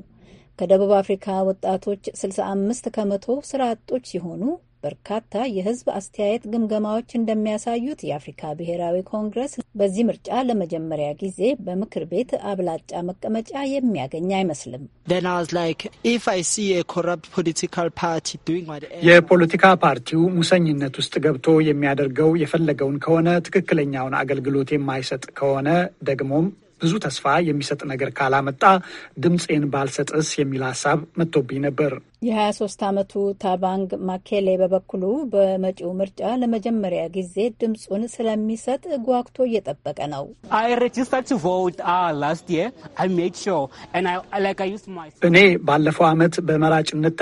ከደቡብ አፍሪካ ወጣቶች 65 ከመቶ ስራ አጦች ሲሆኑ በርካታ የህዝብ አስተያየት ግምገማዎች እንደሚያሳዩት የአፍሪካ ብሔራዊ ኮንግረስ በዚህ ምርጫ ለመጀመሪያ ጊዜ በምክር ቤት አብላጫ መቀመጫ የሚያገኝ አይመስልም። የፖለቲካ ፓርቲው ሙሰኝነት ውስጥ ገብቶ የሚያደርገው የፈለገውን ከሆነ፣ ትክክለኛውን አገልግሎት የማይሰጥ ከሆነ ደግሞም ብዙ ተስፋ የሚሰጥ ነገር ካላመጣ ድምፄን ባልሰጥስ የሚል ሀሳብ መጥቶብኝ ነበር። የ23 ዓመቱ ታባንግ ማኬሌ በበኩሉ በመጪው ምርጫ ለመጀመሪያ ጊዜ ድምፁን ስለሚሰጥ ጓግቶ እየጠበቀ ነው። uh, እኔ ባለፈው ዓመት በመራጭነት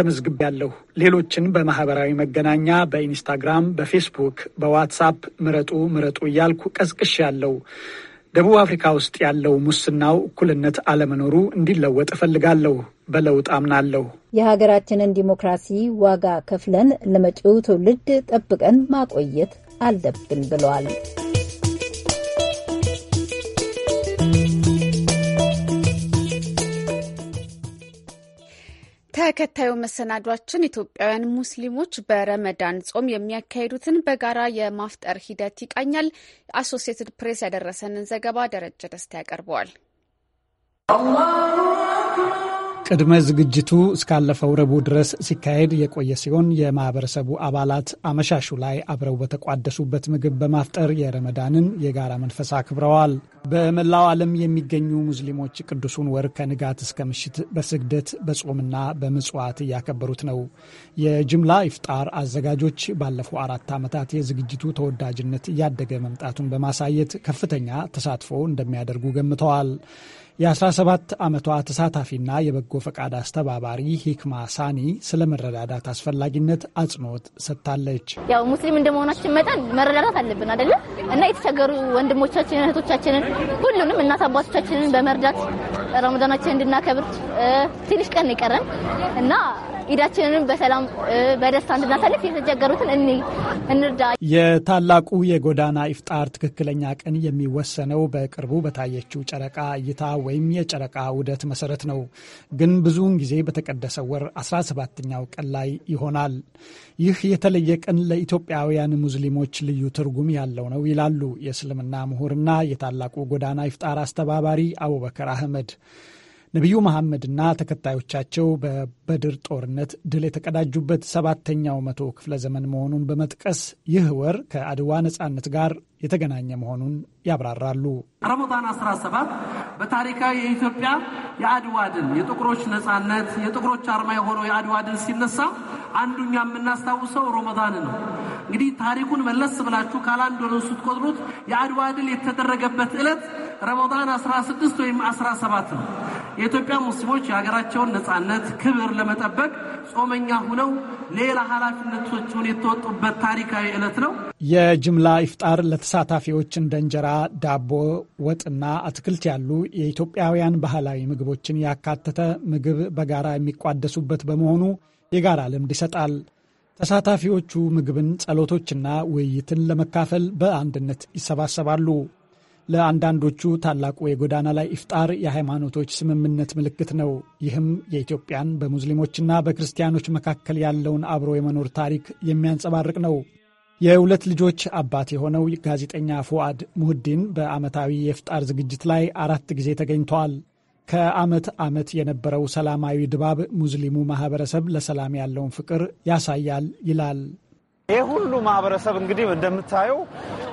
ያለሁ ሌሎችን በማህበራዊ መገናኛ በኢንስታግራም፣ በፌስቡክ፣ በዋትሳፕ ምረጡ ምረጡ እያልኩ ቀስቅሽ ያለው ደቡብ አፍሪካ ውስጥ ያለው ሙስናው እኩልነት አለመኖሩ እንዲለወጥ እፈልጋለሁ። በለውጥ አምናለሁ። የሀገራችንን ዲሞክራሲ ዋጋ ከፍለን ለመጪው ትውልድ ጠብቀን ማቆየት አለብን ብለዋል። ተከታዩ መሰናዷችን ኢትዮጵያውያን ሙስሊሞች በረመዳን ጾም የሚያካሂዱትን በጋራ የማፍጠር ሂደት ይቃኛል። አሶሲየትድ ፕሬስ ያደረሰንን ዘገባ ደረጀ ደስታ ያቀርበዋል። ቅድመ ዝግጅቱ እስካለፈው ረቡዕ ድረስ ሲካሄድ የቆየ ሲሆን የማህበረሰቡ አባላት አመሻሹ ላይ አብረው በተቋደሱበት ምግብ በማፍጠር የረመዳንን የጋራ መንፈስ አክብረዋል። በመላው ዓለም የሚገኙ ሙስሊሞች ቅዱሱን ወር ከንጋት እስከ ምሽት በስግደት በጾምና በምጽዋት እያከበሩት ነው። የጅምላ ኢፍጣር አዘጋጆች ባለፉ አራት ዓመታት የዝግጅቱ ተወዳጅነት እያደገ መምጣቱን በማሳየት ከፍተኛ ተሳትፎ እንደሚያደርጉ ገምተዋል። የ17 ዓመቷ ተሳታፊና የበጎ ፈቃድ አስተባባሪ ሂክማ ሳኒ ስለ መረዳዳት አስፈላጊነት አጽንኦት ሰጥታለች። ያው ሙስሊም እንደመሆናችን መጠን መረዳዳት አለብን አይደለም እና የተቸገሩ ወንድሞቻችንን፣ እህቶቻችንን ሁሉንም እናት አባቶቻችንን በመርዳት ረመዳናችን እንድናከብር ትንሽ ቀን ይቀረን እና ኢዳችንንም በሰላም በደስታ እንድናሳልፍ የተቸገሩትን እንርዳ። የታላቁ የጎዳና ኢፍጣር ትክክለኛ ቀን የሚወሰነው በቅርቡ በታየችው ጨረቃ እይታ ወይም የጨረቃ ውደት መሰረት ነው። ግን ብዙውን ጊዜ በተቀደሰ ወር 17ኛው ቀን ላይ ይሆናል። ይህ የተለየ ቀን ለኢትዮጵያውያን ሙስሊሞች ልዩ ትርጉም ያለው ነው ይላሉ የእስልምና ምሁርና የታላቁ ጎዳና ይፍጣር አስተባባሪ አቡበከር አህመድ። ነቢዩ መሐመድና ተከታዮቻቸው በድር ጦርነት ድል የተቀዳጁበት ሰባተኛው መቶ ክፍለ ዘመን መሆኑን በመጥቀስ ይህ ወር ከአድዋ ነጻነት ጋር የተገናኘ መሆኑን ያብራራሉ። ረመዳን 17 በታሪካዊ የኢትዮጵያ የአድዋ ድል የጥቁሮች ነጻነት የጥቁሮች አርማ የሆነው የአድዋ ድል ሲነሳ አንዱኛ የምናስታውሰው ረመዳን ነው። እንግዲህ ታሪኩን መለስ ብላችሁ ካላንዶርን ስትቆጥሩት የአድዋ ድል የተደረገበት ዕለት ረመዳን 16 ወይም 17 ነው። የኢትዮጵያ ሙስሊሞች የሀገራቸውን ነጻነት ክብር ለመጠበቅ ጾመኛ ሁነው ሌላ ኃላፊነቶችን የተወጡበት ታሪካዊ ዕለት ነው። የጅምላ ኢፍጣር ለተሳታፊዎች እንደ እንጀራ፣ ዳቦ፣ ወጥና አትክልት ያሉ የኢትዮጵያውያን ባህላዊ ምግቦችን ያካተተ ምግብ በጋራ የሚቋደሱበት በመሆኑ የጋራ ልምድ ይሰጣል። ተሳታፊዎቹ ምግብን፣ ጸሎቶችና ውይይትን ለመካፈል በአንድነት ይሰባሰባሉ። ለአንዳንዶቹ ታላቁ የጎዳና ላይ ኢፍጣር የሃይማኖቶች ስምምነት ምልክት ነው። ይህም የኢትዮጵያን በሙስሊሞችና በክርስቲያኖች መካከል ያለውን አብሮ የመኖር ታሪክ የሚያንጸባርቅ ነው። የሁለት ልጆች አባት የሆነው ጋዜጠኛ ፉአድ ሙህዲን በዓመታዊ የፍጣር ዝግጅት ላይ አራት ጊዜ ተገኝተዋል። ከዓመት ዓመት የነበረው ሰላማዊ ድባብ ሙስሊሙ ማህበረሰብ ለሰላም ያለውን ፍቅር ያሳያል ይላል። ይህ ሁሉ ማህበረሰብ እንግዲህ እንደምታየው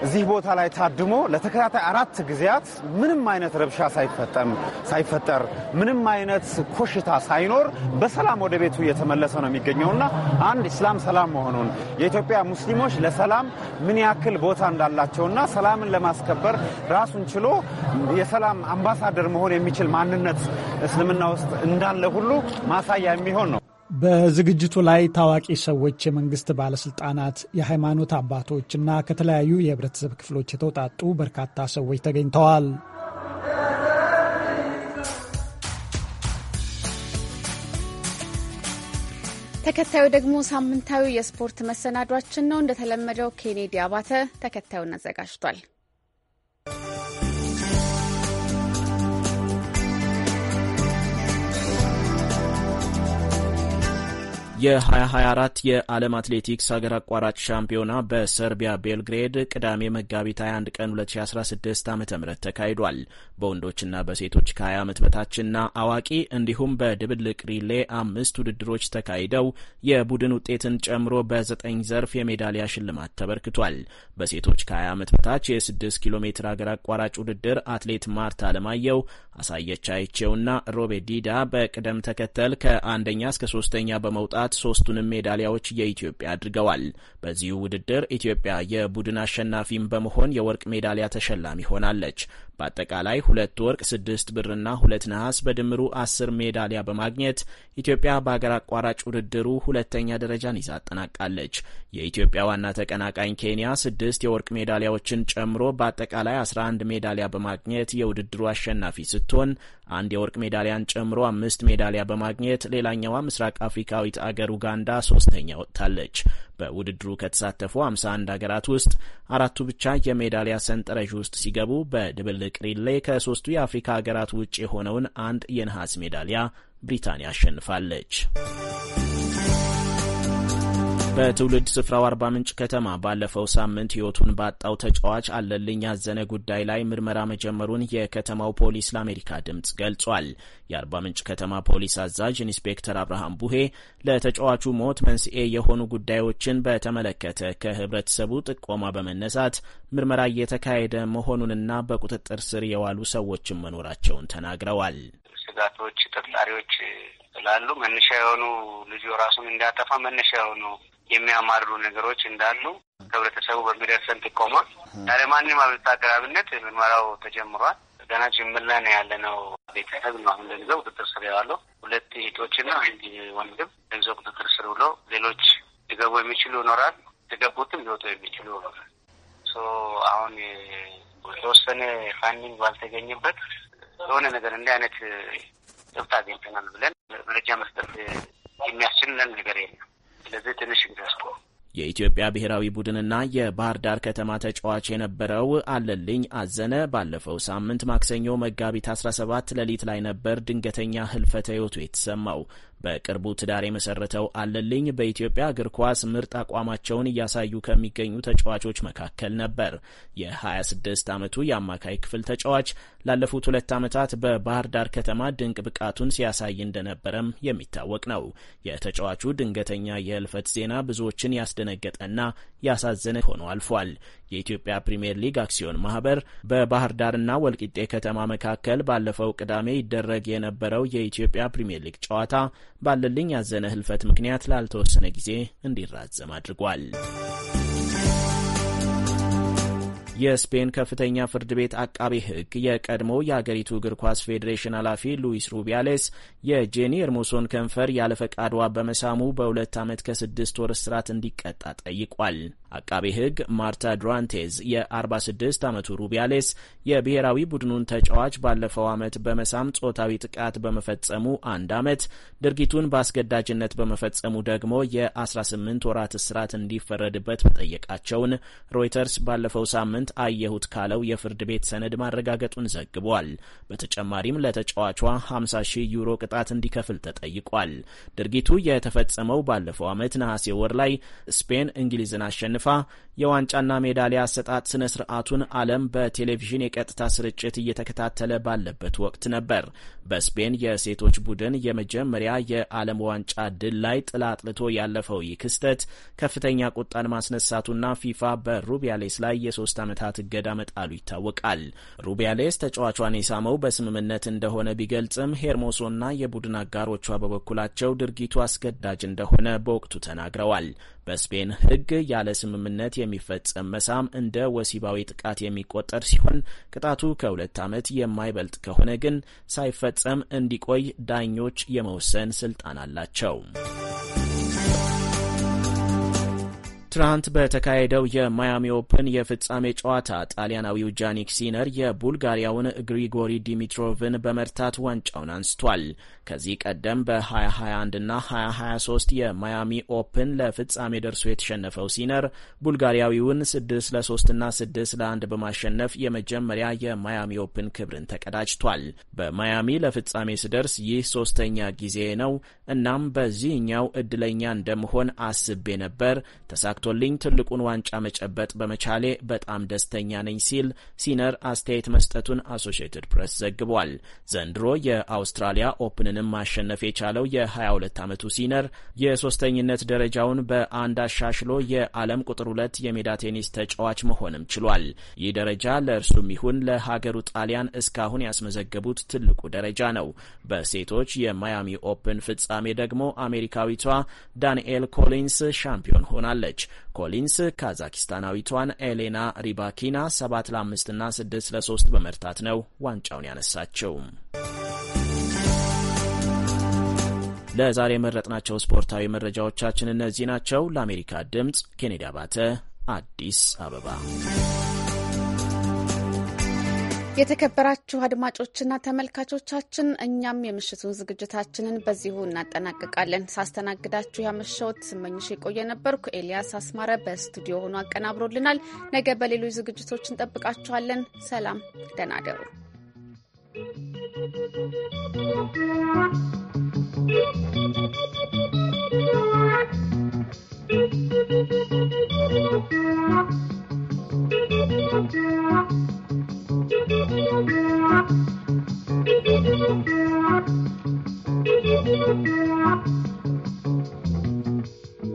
እዚህ ቦታ ላይ ታድሞ ለተከታታይ አራት ጊዜያት ምንም አይነት ረብሻ ሳይፈጠር ምንም አይነት ኮሽታ ሳይኖር በሰላም ወደ ቤቱ እየተመለሰ ነው የሚገኘውና አንድ ኢስላም ሰላም መሆኑን የኢትዮጵያ ሙስሊሞች ለሰላም ምን ያክል ቦታ እንዳላቸውና ሰላምን ለማስከበር ራሱን ችሎ የሰላም አምባሳደር መሆን የሚችል ማንነት እስልምና ውስጥ እንዳለ ሁሉ ማሳያ የሚሆን ነው። በዝግጅቱ ላይ ታዋቂ ሰዎች፣ የመንግስት ባለስልጣናት፣ የሃይማኖት አባቶች እና ከተለያዩ የህብረተሰብ ክፍሎች የተውጣጡ በርካታ ሰዎች ተገኝተዋል። ተከታዩ ደግሞ ሳምንታዊ የስፖርት መሰናዷችን ነው። እንደተለመደው ኬኔዲ አባተ ተከታዩን አዘጋጅቷል። የ2024 የዓለም አትሌቲክስ ሀገር አቋራጭ ሻምፒዮና በሰርቢያ ቤልግሬድ ቅዳሜ መጋቢት 21 ቀን 2016 ዓ ም ተካሂዷል። በወንዶችና በሴቶች ከ20 ዓመት በታችና አዋቂ እንዲሁም በድብልቅ ሪሌ አምስት ውድድሮች ተካሂደው የቡድን ውጤትን ጨምሮ በዘጠኝ ዘርፍ የሜዳሊያ ሽልማት ተበርክቷል። በሴቶች ከ20 ዓመት በታች የ6 ኪሎ ሜትር ሀገር አቋራጭ ውድድር አትሌት ማርታ አለማየሁ፣ አሳየች አይቼውና ሮቤ ዲዳ በቅደም ተከተል ከአንደኛ እስከ ሶስተኛ በመውጣት ሶስቱንም ሜዳሊያዎች የኢትዮጵያ አድርገዋል። በዚሁ ውድድር ኢትዮጵያ የቡድን አሸናፊም በመሆን የወርቅ ሜዳሊያ ተሸላሚ ሆናለች። በአጠቃላይ ሁለት ወርቅ፣ ስድስት ብርና ሁለት ነሐስ በድምሩ አስር ሜዳሊያ በማግኘት ኢትዮጵያ በአገር አቋራጭ ውድድሩ ሁለተኛ ደረጃን ይዛ አጠናቃለች። የኢትዮጵያ ዋና ተቀናቃኝ ኬንያ ስድስት የወርቅ ሜዳሊያዎችን ጨምሮ በአጠቃላይ 11 ሜዳሊያ በማግኘት የውድድሩ አሸናፊ ስትሆን አንድ የወርቅ ሜዳሊያን ጨምሮ አምስት ሜዳሊያ በማግኘት ሌላኛዋ ምስራቅ አፍሪካዊት አገር ኡጋንዳ ሶስተኛ ወጥታለች። በውድድሩ ከተሳተፉ 51 ሀገራት ውስጥ አራቱ ብቻ የሜዳሊያ ሰንጠረዥ ውስጥ ሲገቡ በድብል በድብቅ ሪሌ ከሶስቱ የአፍሪካ ሀገራት ውጭ የሆነውን አንድ የነሐስ ሜዳሊያ ብሪታንያ አሸንፋለች። በትውልድ ስፍራው አርባ ምንጭ ከተማ ባለፈው ሳምንት ሕይወቱን ባጣው ተጫዋች አለልኝ ያዘነ ጉዳይ ላይ ምርመራ መጀመሩን የከተማው ፖሊስ ለአሜሪካ ድምፅ ገልጿል። የአርባ ምንጭ ከተማ ፖሊስ አዛዥ ኢንስፔክተር አብርሃም ቡሄ ለተጫዋቹ ሞት መንስኤ የሆኑ ጉዳዮችን በተመለከተ ከህብረተሰቡ ጥቆማ በመነሳት ምርመራ እየተካሄደ መሆኑንና በቁጥጥር ስር የዋሉ ሰዎችን መኖራቸውን ተናግረዋል። ስጋቶች፣ ጥርጣሬዎች ስላሉ መነሻ የሆኑ ልጁ ራሱን እንዳያጠፋ መነሻ የሆኑ የሚያማርሩ ነገሮች እንዳሉ ህብረተሰቡ በሚደርሰን ጥቆማ ዛሬ ማንም አቤቱታ አቅራቢነት ምርመራው ተጀምሯል። ገና ጅምር ላይ ነው ያለነው። ቤተሰብ ነው አሁን ለጊዜ ቁጥጥር ስር የዋለው። ሁለት እህቶችና አንድ ወንድም ለጊዜ ቁጥጥር ስር ብሎ ሌሎች ሊገቡ የሚችሉ ይኖራል። ሊገቡትም ሊወጡ የሚችሉ ይኖራል። አሁን የተወሰነ ፋንዲንግ ባልተገኘበት የሆነ ነገር እንዲህ አይነት ጥብት አግኝተናል ብለን መረጃ መስጠት የሚያስችለን ነገር የለም። ስለዚህ ትንሽ የኢትዮጵያ ብሔራዊ ቡድንና የባህር ዳር ከተማ ተጫዋች የነበረው አለልኝ አዘነ ባለፈው ሳምንት ማክሰኞ መጋቢት 17 ሌሊት ላይ ነበር ድንገተኛ ህልፈተ ህይወቱ የተሰማው። በቅርቡ ትዳር የመሰረተው አለልኝ በኢትዮጵያ እግር ኳስ ምርጥ አቋማቸውን እያሳዩ ከሚገኙ ተጫዋቾች መካከል ነበር። የ26 ዓመቱ የአማካይ ክፍል ተጫዋች ላለፉት ሁለት ዓመታት በባህር ዳር ከተማ ድንቅ ብቃቱን ሲያሳይ እንደነበረም የሚታወቅ ነው። የተጫዋቹ ድንገተኛ የህልፈት ዜና ብዙዎችን ያስደነገጠና ያሳዘነ ሆኖ አልፏል። የኢትዮጵያ ፕሪምየር ሊግ አክሲዮን ማህበር በባህር ዳርና ወልቂጤ ከተማ መካከል ባለፈው ቅዳሜ ይደረግ የነበረው የኢትዮጵያ ፕሪምየር ሊግ ጨዋታ ባለልኝ ያዘነ ህልፈት ምክንያት ላልተወሰነ ጊዜ እንዲራዘም አድርጓል። የስፔን ከፍተኛ ፍርድ ቤት አቃቤ ሕግ የቀድሞ የአገሪቱ እግር ኳስ ፌዴሬሽን ኃላፊ ሉዊስ ሩቢያሌስ የጄኒ ኤርሞሶን ከንፈር ያለፈቃድዋ በመሳሙ በሁለት ዓመት ከስድስት ወር እስራት እንዲቀጣ ጠይቋል። አቃቤ ሕግ ማርታ ዱራንቴዝ የ46 ዓመቱ ሩቢያሌስ የብሔራዊ ቡድኑን ተጫዋች ባለፈው ዓመት በመሳም ጾታዊ ጥቃት በመፈጸሙ አንድ ዓመት ድርጊቱን በአስገዳጅነት በመፈጸሙ ደግሞ የ18 ወራት እስራት እንዲፈረድበት መጠየቃቸውን ሮይተርስ ባለፈው ሳምንት ትናንት አየሁት ካለው የፍርድ ቤት ሰነድ ማረጋገጡን ዘግቧል። በተጨማሪም ለተጫዋቿ 50 ሺህ ዩሮ ቅጣት እንዲከፍል ተጠይቋል። ድርጊቱ የተፈጸመው ባለፈው ዓመት ነሐሴ ወር ላይ ስፔን እንግሊዝን አሸንፋ የዋንጫና ሜዳሊያ አሰጣጥ ስነ ስርዓቱን ዓለም በቴሌቪዥን የቀጥታ ስርጭት እየተከታተለ ባለበት ወቅት ነበር። በስፔን የሴቶች ቡድን የመጀመሪያ የዓለም ዋንጫ ድል ላይ ጥላ አጥልቶ ያለፈው ይህ ክስተት ከፍተኛ ቁጣን ማስነሳቱና ፊፋ በሩቢያሌስ ላይ የሶስት ዓመት ዓመታት እገዳ መጣሉ ይታወቃል። ሩቢያሌስ ተጫዋቿን የሳመው በስምምነት እንደሆነ ቢገልጽም ሄርሞሶና የቡድን አጋሮቿ በበኩላቸው ድርጊቱ አስገዳጅ እንደሆነ በወቅቱ ተናግረዋል። በስፔን ሕግ ያለ ስምምነት የሚፈጸም መሳም እንደ ወሲባዊ ጥቃት የሚቆጠር ሲሆን ቅጣቱ ከሁለት ዓመት የማይበልጥ ከሆነ ግን ሳይፈጸም እንዲቆይ ዳኞች የመወሰን ስልጣን አላቸው። ትናንት በተካሄደው የማያሚ ኦፕን የፍጻሜ ጨዋታ ጣሊያናዊው ጃኒክ ሲነር የቡልጋሪያውን ግሪጎሪ ዲሚትሮቭን በመርታት ዋንጫውን አንስቷል። ከዚህ ቀደም በ2021 እና 2023 የማያሚ ኦፕን ለፍጻሜ ደርሶ የተሸነፈው ሲነር ቡልጋሪያዊውን 6 ለ3 እና 6 ለ1 በማሸነፍ የመጀመሪያ የማያሚ ኦፕን ክብርን ተቀዳጅቷል። በማያሚ ለፍጻሜ ስደርስ ይህ ሶስተኛ ጊዜ ነው። እናም በዚህኛው እድለኛ እንደመሆን አስቤ ነበር ተሳክቶ ተሳክቶልኝ ትልቁን ዋንጫ መጨበጥ በመቻሌ በጣም ደስተኛ ነኝ ሲል ሲነር አስተያየት መስጠቱን አሶሺየትድ ፕሬስ ዘግቧል። ዘንድሮ የአውስትራሊያ ኦፕንንም ማሸነፍ የቻለው የ22 ዓመቱ ሲነር የሶስተኝነት ደረጃውን በአንድ አሻሽሎ የዓለም ቁጥር ሁለት የሜዳ ቴኒስ ተጫዋች መሆንም ችሏል። ይህ ደረጃ ለእርሱም ይሁን ለሀገሩ ጣሊያን እስካሁን ያስመዘገቡት ትልቁ ደረጃ ነው። በሴቶች የማያሚ ኦፕን ፍጻሜ ደግሞ አሜሪካዊቷ ዳንኤል ኮሊንስ ሻምፒዮን ሆናለች። ኮሊንስ ካዛኪስታናዊቷን ኤሌና ሪባኪና 7 ለ5 እና 6 ለ3 በመርታት ነው ዋንጫውን ያነሳቸው። ለዛሬ የመረጥናቸው ስፖርታዊ መረጃዎቻችን እነዚህ ናቸው። ለአሜሪካ ድምፅ ኬኔዲ አባተ አዲስ አበባ የተከበራችሁ አድማጮችና ተመልካቾቻችን እኛም የምሽቱን ዝግጅታችንን በዚሁ እናጠናቅቃለን። ሳስተናግዳችሁ ያመሸውት ስመኝሽ የቆየ ነበርኩ። ኤልያስ አስማረ በስቱዲዮ ሆኖ አቀናብሮልናል። ነገ በሌሎች ዝግጅቶች እንጠብቃችኋለን። ሰላም፣ ደህና ደሩ። Thank you.